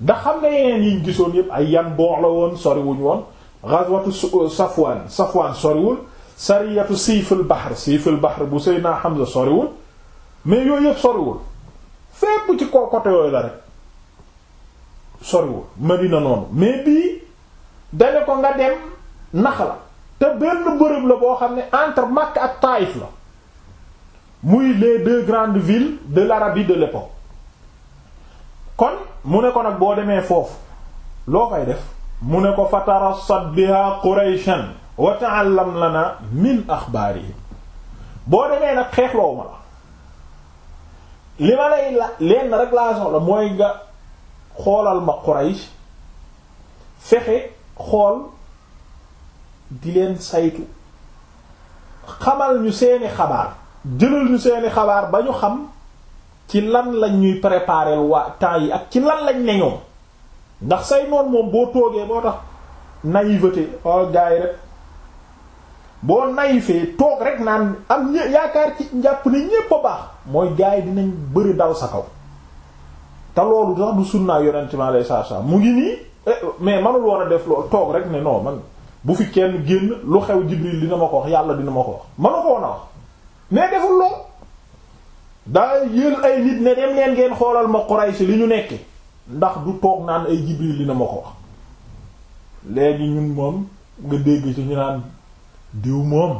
S1: da xam nga yeneen yiñ gisoon yépp ay yan boox la woon soriwuñ woon ghazwatu euh, Safwan Safwan soriwul sariyatu siiful bahr siiful bahr bu xam Hamza soriwul mais yooyu yépp soriwul fépp ci ko côté yooyu la rek soriwul Madina noonu mais bi dane ko nga dem nax la te benn bërëb la boo xam ne entre Makka ak Taïf la muy les de grandes villes de l'Arabie de l'époque kon mu ne ko nag boo demee foofu loo koy def mu ne ko fatarassad biha qurayshan wa ta'allam lana min axbaarihim boo demee nag xeexloo ma la li ma lay la lenn rek laa soxla mooy nga xoolal ma quraysh fexe xool di leen saytu xamal ñu seeni xabaar jëlal ñu seeni xabaar ba ñu xam ci lan lañ ñuy préparer waa temps yi ak ci lan lañ ne ñoom ndax say noon moom boo toogee boo tax naïveté xool oh, gars yi rek boo naïfee toog rek naan am yaakaar ci njàpp ne ñépp a baax mooy gars yi dinañ bëri dal sa kaw te loolu sax du sunnaa yonent mi alayhi salaam mu ngi nii eh, mais manul woon a def loolu toog rek ne non man bu fi kenn génn lu xew Jibril dina ma ko wax yàlla dina ma ko wax manu ko woon wax mais deful lool daa yël ay nit ne dem leen ngeen xoolal ma Quraysh li ñu nekke ndax du toog naan ay Jibril li na ma ko wax léegi ñun moom nga dégg ci ñu naan diw moom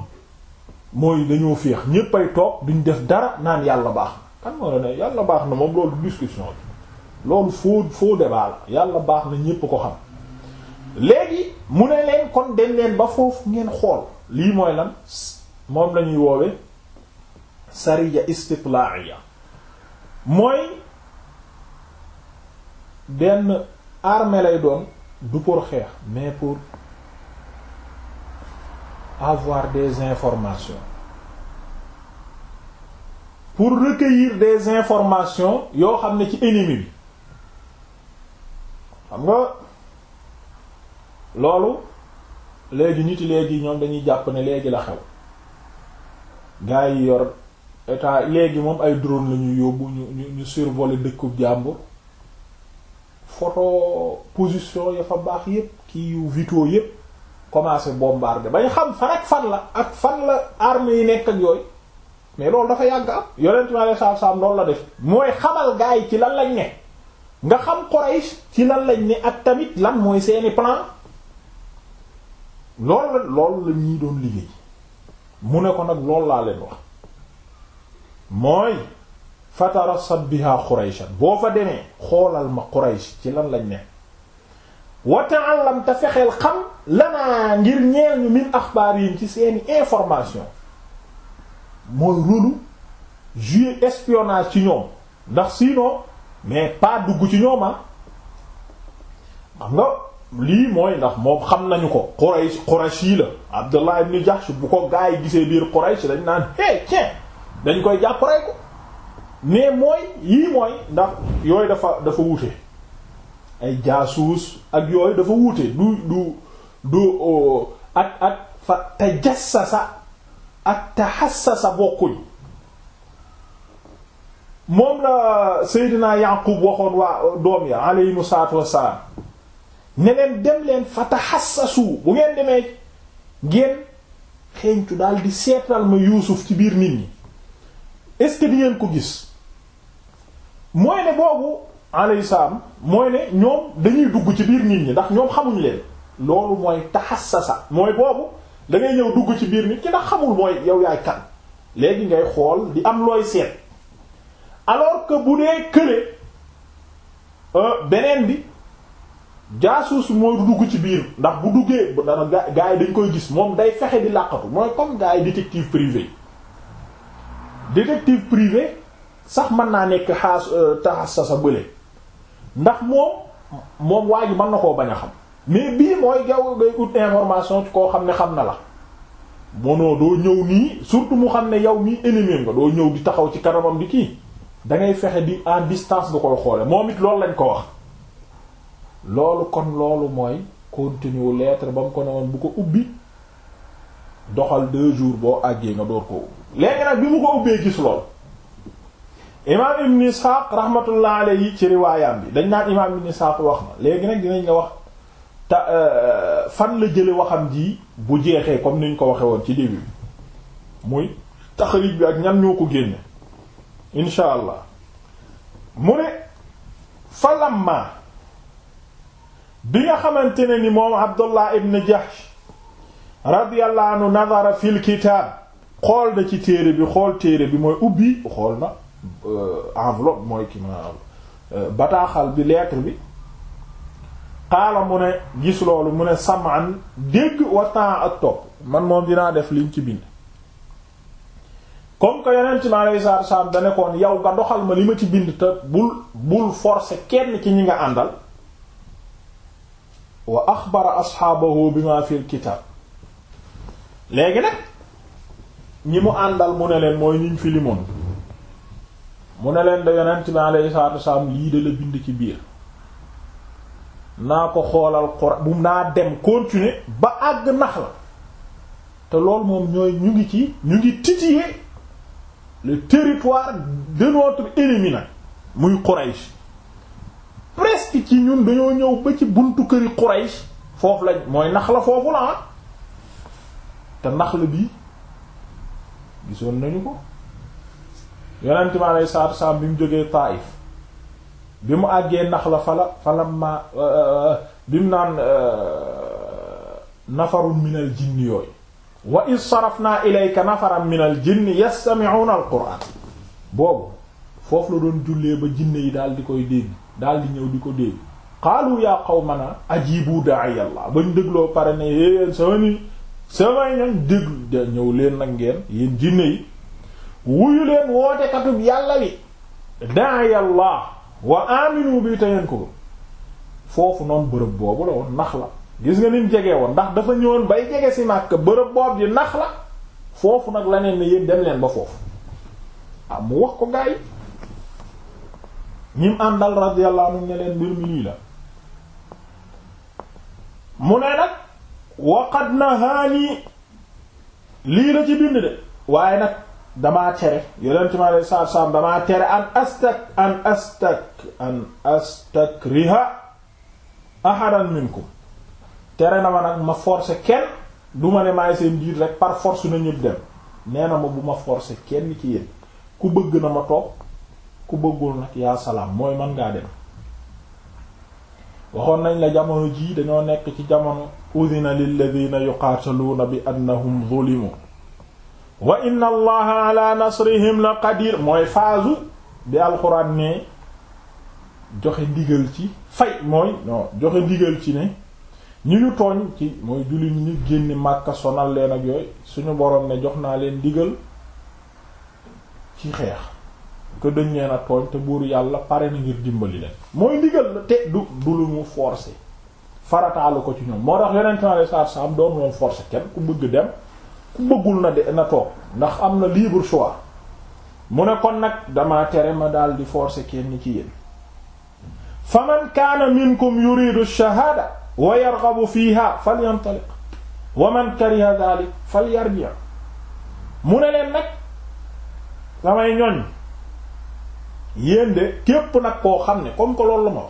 S1: mooy dañoo féex ñépp ay toog duñu def dara naan yàlla baax na kan moo baax na moom loolu discussion bi loolu faux faux débat la yàlla baax na ñépp ko xam léegi mu ne leen kon dem leen ba foofu ngeen xool lii mooy lan moom lañuy woowe sariya istitla'iya mooy benn armée lay doon du pour xeex mais pour avoir des informations pour recueillir des informations yoo xam ne ci ennemi bi xam nga loolu léegi nit léegi ñoom dañuy jàpp ne léegi la xew gaa yi yor état léegi moom ay drone la ñu yóbbu ñu ñu ñu survoler dëkkub jàmbur photo position ya fa baax yépp kii yu vidéo yépp commencé bombarder bañ xam fan ak fan la ak fan la armes yi nekk ak yooyu mais loolu dafa yàgg am yonent mi alei satu salaam loolu la def mooy xamal gaa yi ci lan lañ ne nga xam Quraysh ci lan lañ ne ak tamit lan mooy seeni plan loolu la loolu la ñuy doon liggéey mu ne ko nag loolu laa leen wax mooy fatarassat biha Quraysh boo fa demee xoolal ma Quraysh ci lan lañ ne wa ta'allam te fexeel xam lanaa ngir ñeel ñu axbaar yi ci seeni information mooy rôlu jouer espionnage ci ñoom ndax sinon mais pas dugg ci ñooma ah. xam nga lii mooy ndax moom xam nañu ko Quraysh Quraysh yi la Abdullah ibn Jahsh bu ko gaa yi gisee biir Quraysh dañ naan hey tiens dañ koy jàpp rey ko mais mooy yii mooy ndax yooyu dafa dafa wuute ay jaasuus ak yooyu dafa wuute du du du euh, ak ak fa tajassasa ak tahassasa bokkuñ moom la Seydina Yaqub waxoon waa doom yi aleyhimu salaatu wassalaam ne leen dem leen fa tahassasu bu ngeen demee ngeen xeeñtu daal di seetal ma Yuusuf ci biir nit ñi est-ce que di ngeen ko gis mooy ne boobu alayhi salaam mooy ne ñoom dañuy dugg ci biir nit ñi ndax ñoom xamuñ leen loolu mooy taxassasa mooy boobu dangay ñëw dugg ci biir nit ki ndax xamul mooy yow yaay kan léegi ngay xool di am looy seet alors que bu dee kële euh, beneen bi jaasuus mooy du dugg ci biir ndax bu duggee dana gaa yi dañ koy gis moom day fexe di làqatu mooy comme gaa yi détective privé détective privé sax mën naa nekk xaas euh, taxas sa bële ndax moom moom waa mën na koo bañ a xam mais bii mooy gaw ngay ut information koo xam ne xam na la mono doo ñëw nii surtout mu xam ne yow mii ennemi nga doo ñëw di taxaw ci kanamam bi kii da ngay fexe di en distance nga koy xoole moom it loolu lañ ko wax loolu kon loolu mooy continuer lettre ba mu ko ne woon bu ko ubbi doxal deux jours boo àggee nga door koo ubbi léegi nag bi mu ko ubbee gis lool imaam ibn Isxaaq rahmatullah alayhi ci riwaayam bi dañ naan imaam ibn Isxaaq wax na léegi nag dinañ la wax ta euh, fan la jële waxam ji bu jeexee comme ni ñu ko waxee woon ci début muy taxrij bi ak ñan ñoo ko génne insha allah mu ne falamma bi nga xamante ne ni moom Abdullah ibn Jahsh radiyallahu anhu nadara fil kitaab xool na ci téere bi xool téere bi mooy ubbi xool na euh, enveloppe mooy ki ma euh, bataaxal bi lettre bi xaala mu ne gis loolu mu ne samaan dégg waxtaan ak topp man moom dinaa def liñ ci bind comme que yeneen ma lay saar saam da nekkoon yow nga doxal ma li ma ci bind te bul bul forcer kenn ci ñi nga àndal wa axbara asxaabahu bima fil kitaab léegi nag ñi mu àndal mu ne leen mooy ñiñ fi limoon mu ne leen da yonent bi alayhi salaatu wasalaam lii de la bind ci biir naa ko xoolal Qur'an bu naa dem continuer ba àgg nax la te loolu moom ñooy ñu ngi ci ñu ngi titiller le territoire de notre ennemi nag muy Quraysh presque ci ñun dañoo ñëw ba ci buntu këri Quraysh foofu lañ mooy nax la foofu la ah. te nax la bii gisoon nañu ko yonent mi aleyhi salaatu salaam bi mu jógee Taif bi mu àggee Naxla fala falamma euh, euh, bi mu naan euh, nafarun minal jinni yooyu wa iz sarafnaa ilayka nafaran minal jinni yastami'uuna al boobu foofu la doon jullee ba jinne yi daal di koy dégg daal di ñëw di ko dégg qaalu yaa qawmanaa ajiibu daa'iya Allah bañ dégloo pare ne yéen sama ni samay ñoñ déglu ñëw leen nag ngeen yéen jinne yi wuyu leen wootekatub yàlla wi daayallah wa aminu bi tayeen ko foofu noonu bërëb boobu la woon nax la gis nga nim jege woon ndax dafa ñëwoon bay jege si Makka bërëb boob di nax la foofu nag la neen ne yéen dem leen ba foofu ah mu wax ko gaa yi ñim àndal radiyallahu anhu ne leen mbir mi lii la mu ne nag waqad nahaani lii la ci bind de waaye nag damaa tere yonent mi alayhi salaatu salaam damaa tere an astak an astak an ahadan minkum tere na ma nag ma forcer kenn du ma ne maay seen jiit rek par force na dem nee na ma buma ma kenn ci yéen ku bëgg na ma toog ku bëggul nag yaa salaam mooy man ngaa dem waxoon nañ la jamono jii dañoo nekk ci jamono udina lilladina yuqaataluuna bi annahum zulimu wa inna allaha ala nasrihim la qadir mooy phaasu bi alxuraan ne joxe ndigal ci fay mooy non joxe ndigal ci ne ñu ñu tooñ ci mooy jullit ñu génn màkka sonal leen ak yooyu suñu boroom ne jox naa leen ndigal ci xeex que dañ leen a tooñ te buur yàlla pare na ngir dimbali leen mooy ndigal te du du lu mu forcer farataalu ko ci ñoom moo tax yeneen temps de saabsaab doon woon forcer kenn ku bëgg dem ku bëggul na de na toog ndax am na libre choix mu ne kon nag damaa tere ma dal di forcer kenn ci yéen. faman kaana minkum yuridu shahaada wa yarghabu fiiha falyantaliq wa man kariha dhalik mu ne leen nag samay ñoñ. yéen de képp nag koo xam ne comme que loolu ma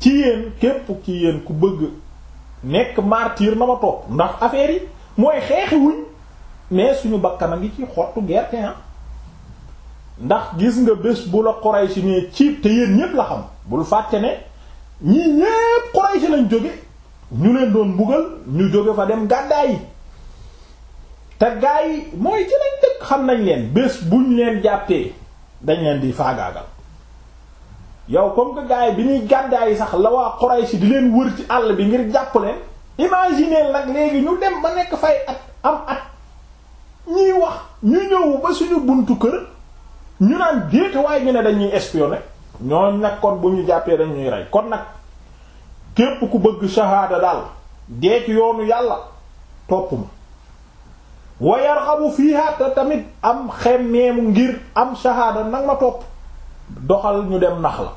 S1: ci yéen képp ci yéen ku bëgg nekk martyr na ma topp ndax affaire yi mooy xeexi wuñ mais suñu bakkan a ngi ci xottu gerte ah ndax gis nga bés bu la Quraysh ne ciib te yéen ñépp la xam bul fàtte ne ñii ñépp Quraysh lañ jóge ñu leen doon mbugal ñu jóge fa dem gàddaay yi te gaa yi mooy ci dëkk xam nañ leen bés buñ leen jàppee dañ leen di faagaagal yow comme que bi ñuy gàddaa yi sax la waa Quraysh di leen wër ci àll bi ngir jàpp leen imaginer nag léegi ñu dem ba nekk fay at am at ñuy wax ñu ñëw ba suñu buntu kër ñu naan déet waaye ñu ne dañuy espionner ñoo nag kon bu ñu jàppee dañ rey kon nag képp ku bëgg shahada daal dee ci yoonu yàlla topp ma wa yarxabu fiiha te tamit am xemmeemu ngir am shahaada nag ma topp doxal ñu dem nax la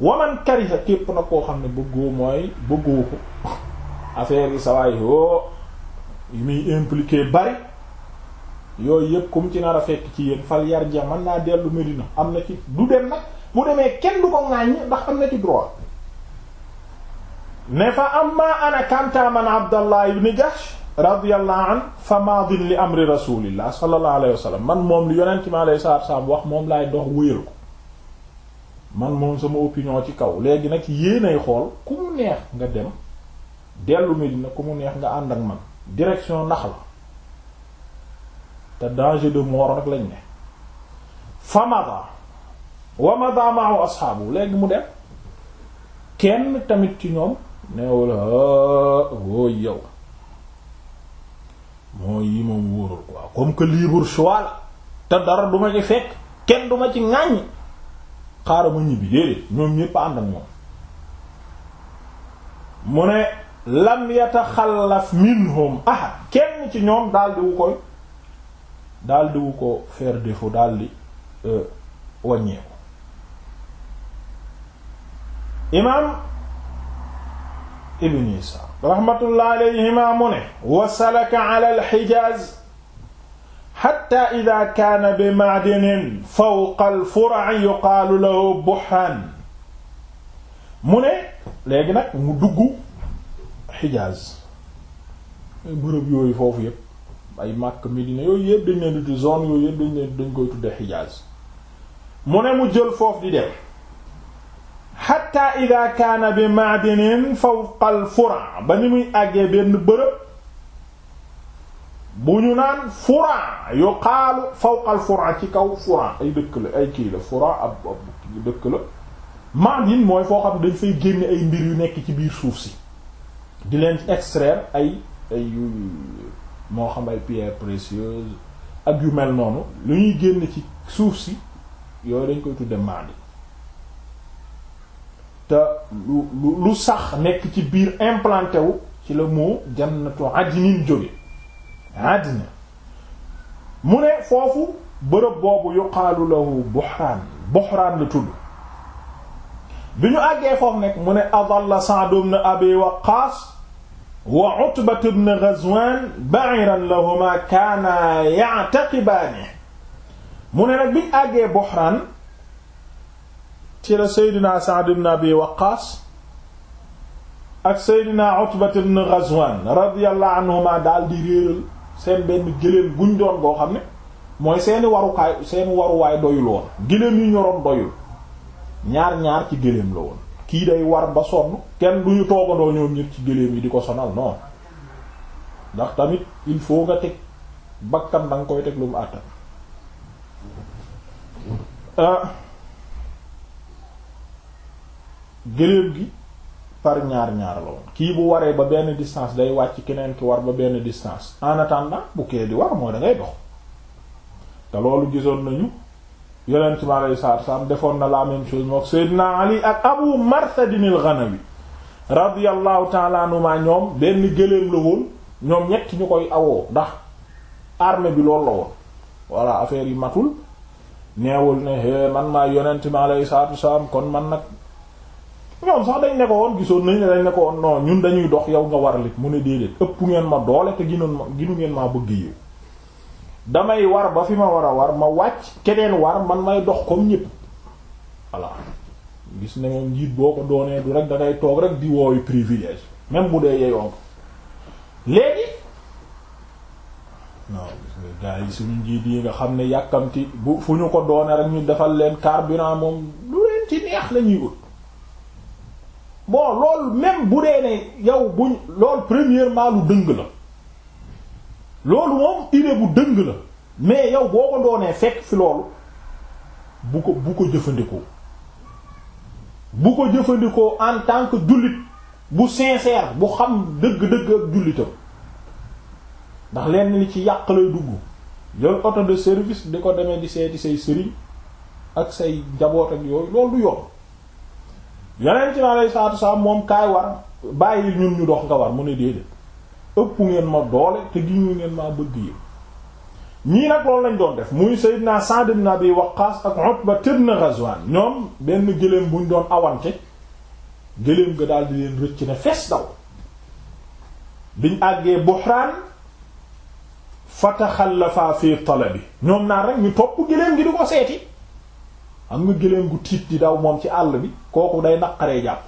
S1: waman kariha képp na koo xam ne bëggoo mooy bëggoo ko affaire yi sawaay yoo yi muy impliqué bari yooyu yëpp comme ci nar fekk ci yéen fal yar jeex man naa dellu Medina am na ci du dem nag bu demee kenn du ko ŋàññ ndax am na ci droit ne fa amma ana kantaman Abdallah ibn Jahsh radiyallahu an fa maadin li amri rasulillah sallallahu man moom li yonent mi alayhi salaatu wa salaam wax moom laay dox wéyal ko man moom sama opinion ci kaw léegi nag yéenay xool ku mu neex nga dem dellu Medina ku mu neex nga ànd ak man direction nax la te danger de mort rek lañ ne fa mada wa léegi mu dem kenn tamit ci ñoom neewul wóoy yow mooy yi moom wóorul quoi comme que libre choix la te dara du ci fekk kenn du ci ŋàññ xaaral ma ñibbi déedéet ñoom ñépp ànd ak moom mu ne lam yataxallaf minhum ahad kenn ci ñoom daldi wu koy daldi wu ko faire défaut daldi euh, wàññeeku imaam ibn Isa raxmatullah alayhima mu ne wa salaka ala alxijaaz xatta ida kaana bi maadinin fawqa alfuraci yuqaalu lahu mu ne léegi nag mu dugg xijaaz bërëb yooyu foofu yépp ay Makka Medina yooyu yépp dañ leen di zone yooyu yépp dañ leen dañ koy tudde xijaaz mu ne mu jël foofu di dem xatta ida kaana bi maadinin fawqa al fura ba ni muy àggee benn bërëb bu ñu naan fura yuqaalu fawqa al fura ci kaw fura ay dëkk la ay kii la fura ab ab dëkk la maadin mooy foo xam dañ fay génne ay mbir yu nekk ci biir suuf si di leen extraire ay ay yu moo xam ay pierres précieuses ak yu mel noonu lu ñuy génn ci suuf si yooyu dañ koy tudde maadin te lu lu sax nekk ci biir implanté wu ci la moo jannatu adnin jóge adna mu ne foofu bërëb boobu yuqaalu lahu buhraan buhraan la tudd bi ñu àggee foofu nekk mu ne adalla Sa'd ibn Abi Waqqaas wa Utba ibn Ghazwaan ba'iran lahumaa kaanaa ya'taqibaani mu ne nag bi ñu àggee buhraan ci la seydina Sa'd ibn Abi Waqqaas ak seydina Utbat ibn Ghazwan radiyallahu di réeral seen benn gëléem guñ doon boo xam ne mooy seeni warukaay seen waruwaay doyul woon gëléem yi ñoroon doyul ñaar ñaar ci gëléem la woon kii day war ba sonn kenn duñu toogandoo ñoom ñépp ci gëléem yi di ko sonal non ndax tamit il faut nga teg bakkan danga koy teg lu mu gëléem gi par ñaar ñaar la woon kii bu waree ba benn distance day wàcc keneen ki war ba benn distance en attendant bu kee di war mooy da dox te loolu gisoon nañu yonent mi alayhi salaatu wasalaam defoon na la même chose mook Seydina Ali ak Abu Marsadin al-Ghanawi radiyallahu ta'ala ñoom benn gëléem la woon ñoom ñett ñu koy awoo ndax armée bi loolu la woon voilà affaire yi matul neewul ne man maa yonent mi alayhi salaatu wasalaam kon man nag ñoom sax dañ ne gisoon nañ ne dañ ne ko ñun dañuy dox yow nga war a lit mu ne déedéet ëpp ngeen ma doole te ginoon ma ginu ngeen maa bëgg yiw damay war ba fi ma war a war ma wàcc keneen war man may dox comme ñépp voilà gis na moom njiit boo ko doonee du rek da ngay rek di wooyu privilège même bu dee yeyoon léegi yi suñu njiit yi nga xam ne yàkkamti bu fu ñu ko doone rek ñu defal leen carburant moom lu leen ci neex lañuy ut bon loolu même bu dee ne yow buñ loolu premièrement lu dëng la loolu moom idée bu dëng la mais yow boo ko doonee fekk fi loolu bu ko bu ko jëfandikoo bu ko jëfandikoo en tant que jullit bu sincère bu xam dëgg-dëgg ak jullitam ndax lenn li ci yàq lay dugg yow auto de service di ko demee di seeti say sëriñ ak say njaboot ak yooyu loolu du yoon yonent bi alayhi salaatu salaam moom kaay war bàyyi ñun ñu dox nga war mu ne déedéet ëpp ngeen ma doole te gi ñu ngeen maa bëgg yi ñii nag loolu lañ doon def muy Seydina Sa'd bi wax Waqqas ak Utba na Ghazwan ñoom benn gëléem buñ doon awante gëléem nga daal di leen rëcc ne fees daw biñ àggee Buhraan fa taxallafa fi bi ñoom naa rek ñu topp gëléem gi di ko seeti am nga gëléem gu tiit di daw moom ci àll bi kooku day naqaree jàpp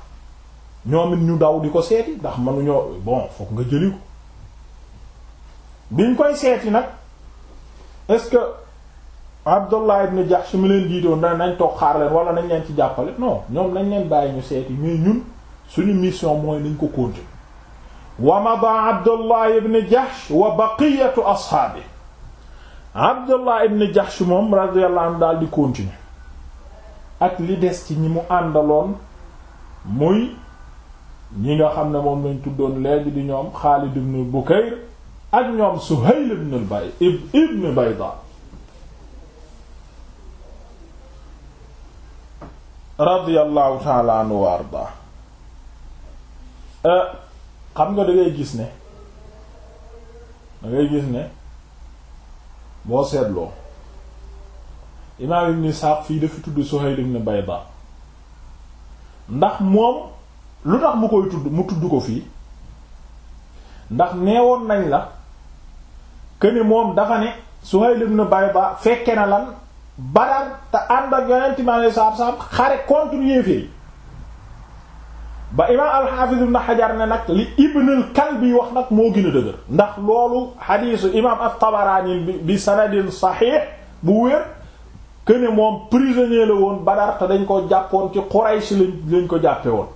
S1: ñoomit ñu daw di ko seeti ndax mënuñoo bon fokk nga jëli ko biñ koy seeti nag est-ce que Abdullah ibn Jahsh mi leen diitoon na nañ toog xaar wala nañ leen ci jàppale non ñoom nañ leen bàyyi ñu seeti mais ñun suñu mooy nañ ko continuer wa mada Abdullah ibn Jahsh wa baqiyatu ashaabi Abdullah ibn moom radiyallahu daal di continuer ak li des ci ñi mu àndaloon muy ñi nga xam ne moom lañ tuddoon léegi di ñoom Xaalid ibn Bukayr ak ñoom Suhayl ibn al-Bay ibn Bayda radiyallahu ta'ala anhu wa arda euh, xam nga da gis ne da gis ne boo seetloo imaam ibn Isxaaq fii dafa tudd Suhayl ibn Bayda ndax moom lu tax mu koy tudd mu tudd ko fii ndax woon nañ la këni moom dafa ne Suhayl ibn Bayda fekke na lan Badar te ànd ak yonent mi alayhi xare contre yéefee ba imaam al-Hafiz ibn Hajar ne nag li Ibn al-Kalbi wax nag moo gën dëgër ndax loolu xadiisu imaam at-Tabarani bi sanadin saxiix bu wér que ne moom prisonnier la woon Badar te dañ ko jàppoon ci Quraysh lañ lañ ko jàppe woon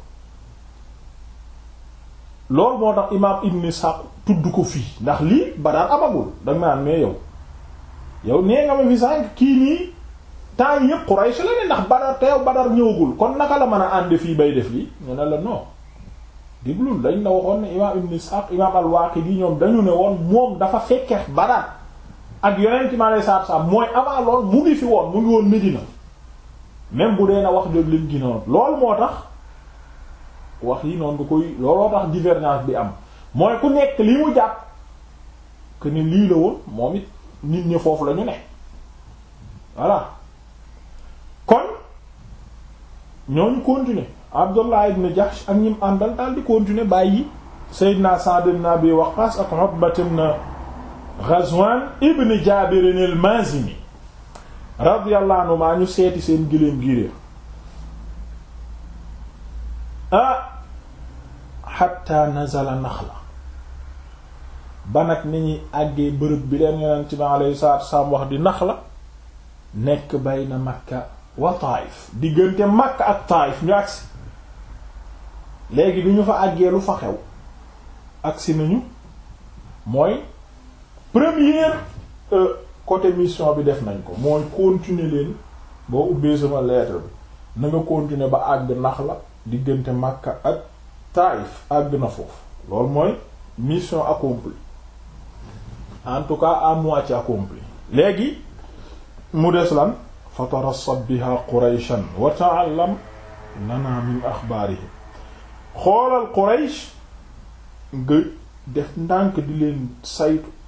S1: loolu moo tax imaam Ibn Ishaq tudd ko fii ndax lii Badar amagul da nga naan mais yow yow nee nga ma fi kii nii temps yëpp Quraysh la ne ndax Badar te yow Badar ñëwagul kon naka la mën a ànd fii bay def lii ñu ne la noo déglul dañ la waxoon ne imaam Ibn Ishaq imaam al-Waqidi ñoom dañu ne woon moom dafa fekke Badar ak yonent mi alayhi salaatu salaam mooy avant lool mu ngi fi woon mu ngi woon Medina même bu dee na wax jot lim ginoon loolu moo tax wax yi noonu du koy looloo tax divergence bi am mooy ku nekk li mu jàpp que ni lii la woon moom it nit ñi foofu la ñu ne voilà kon ñooñu continuer Abdullah ibn Jahsh ak ñim àndal daal di continuer bàyyi Seydina Sa'd ibn Abi Waqqas ak Utba ibn Ghazwan ibn Jaabirin al-Maazini radiyallahu ñu seeti seen gëléem gi réer ah xatta nazala Naxla ba nag ni ñuy àggee bërëb bi leen Yonent bi alayhi wax di Naxla nekk bayna Makka wa Taayif diggante Makka ak Taayif ñu agsi léegi bi ñu fa àggee lu fa xew agsi nañu mooy première euh, côté mission bi def nañ ko mooy continuer leen boo ubbee sama lettre bi na nga continuer ba àgg nax la diggante Makka ak Taïf àgg na foofu loolu mooy mission accomplie en tout cas à moitié accomplie léegi mu des lan fatarassab biha qurayshan wa ta'allam lana min axbaarihim xoolal quraysh nga def ndànk di leen saytu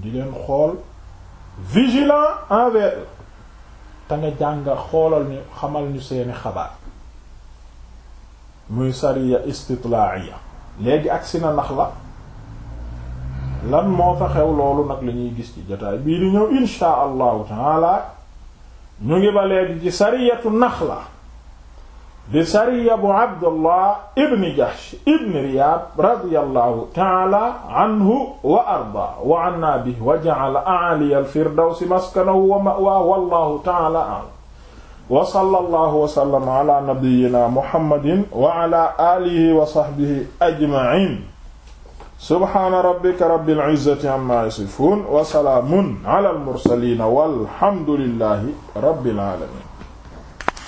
S1: di leen xool vigilant envers te nga jàng xoolal ñu xamal ñu seeni xabaar muy sariya istitla'iya léegi agsi na nax la lan moo fa xew loolu nag la ñuy gis ci jotaay bii di ñëw insha allahu taala ñu ngi ba léegi ci sariyatu nax la di sariya bu abdullah ibni jahsh ibni riyaab radiyallahu taala anhu wa arda wa anna bi wa ja'ala a'aliya al-firdawsi maskanahu wa ma'waahu wallahu taala a'lam wa sallallahu wa sallama ala nabiyyina muhammadin wa ala alihi wa sahbihi ajma'in subhaana rabbika rabbil izzati amma yasifun wa salaamun ala al-mursalin walhamdulillahi rabbil alamin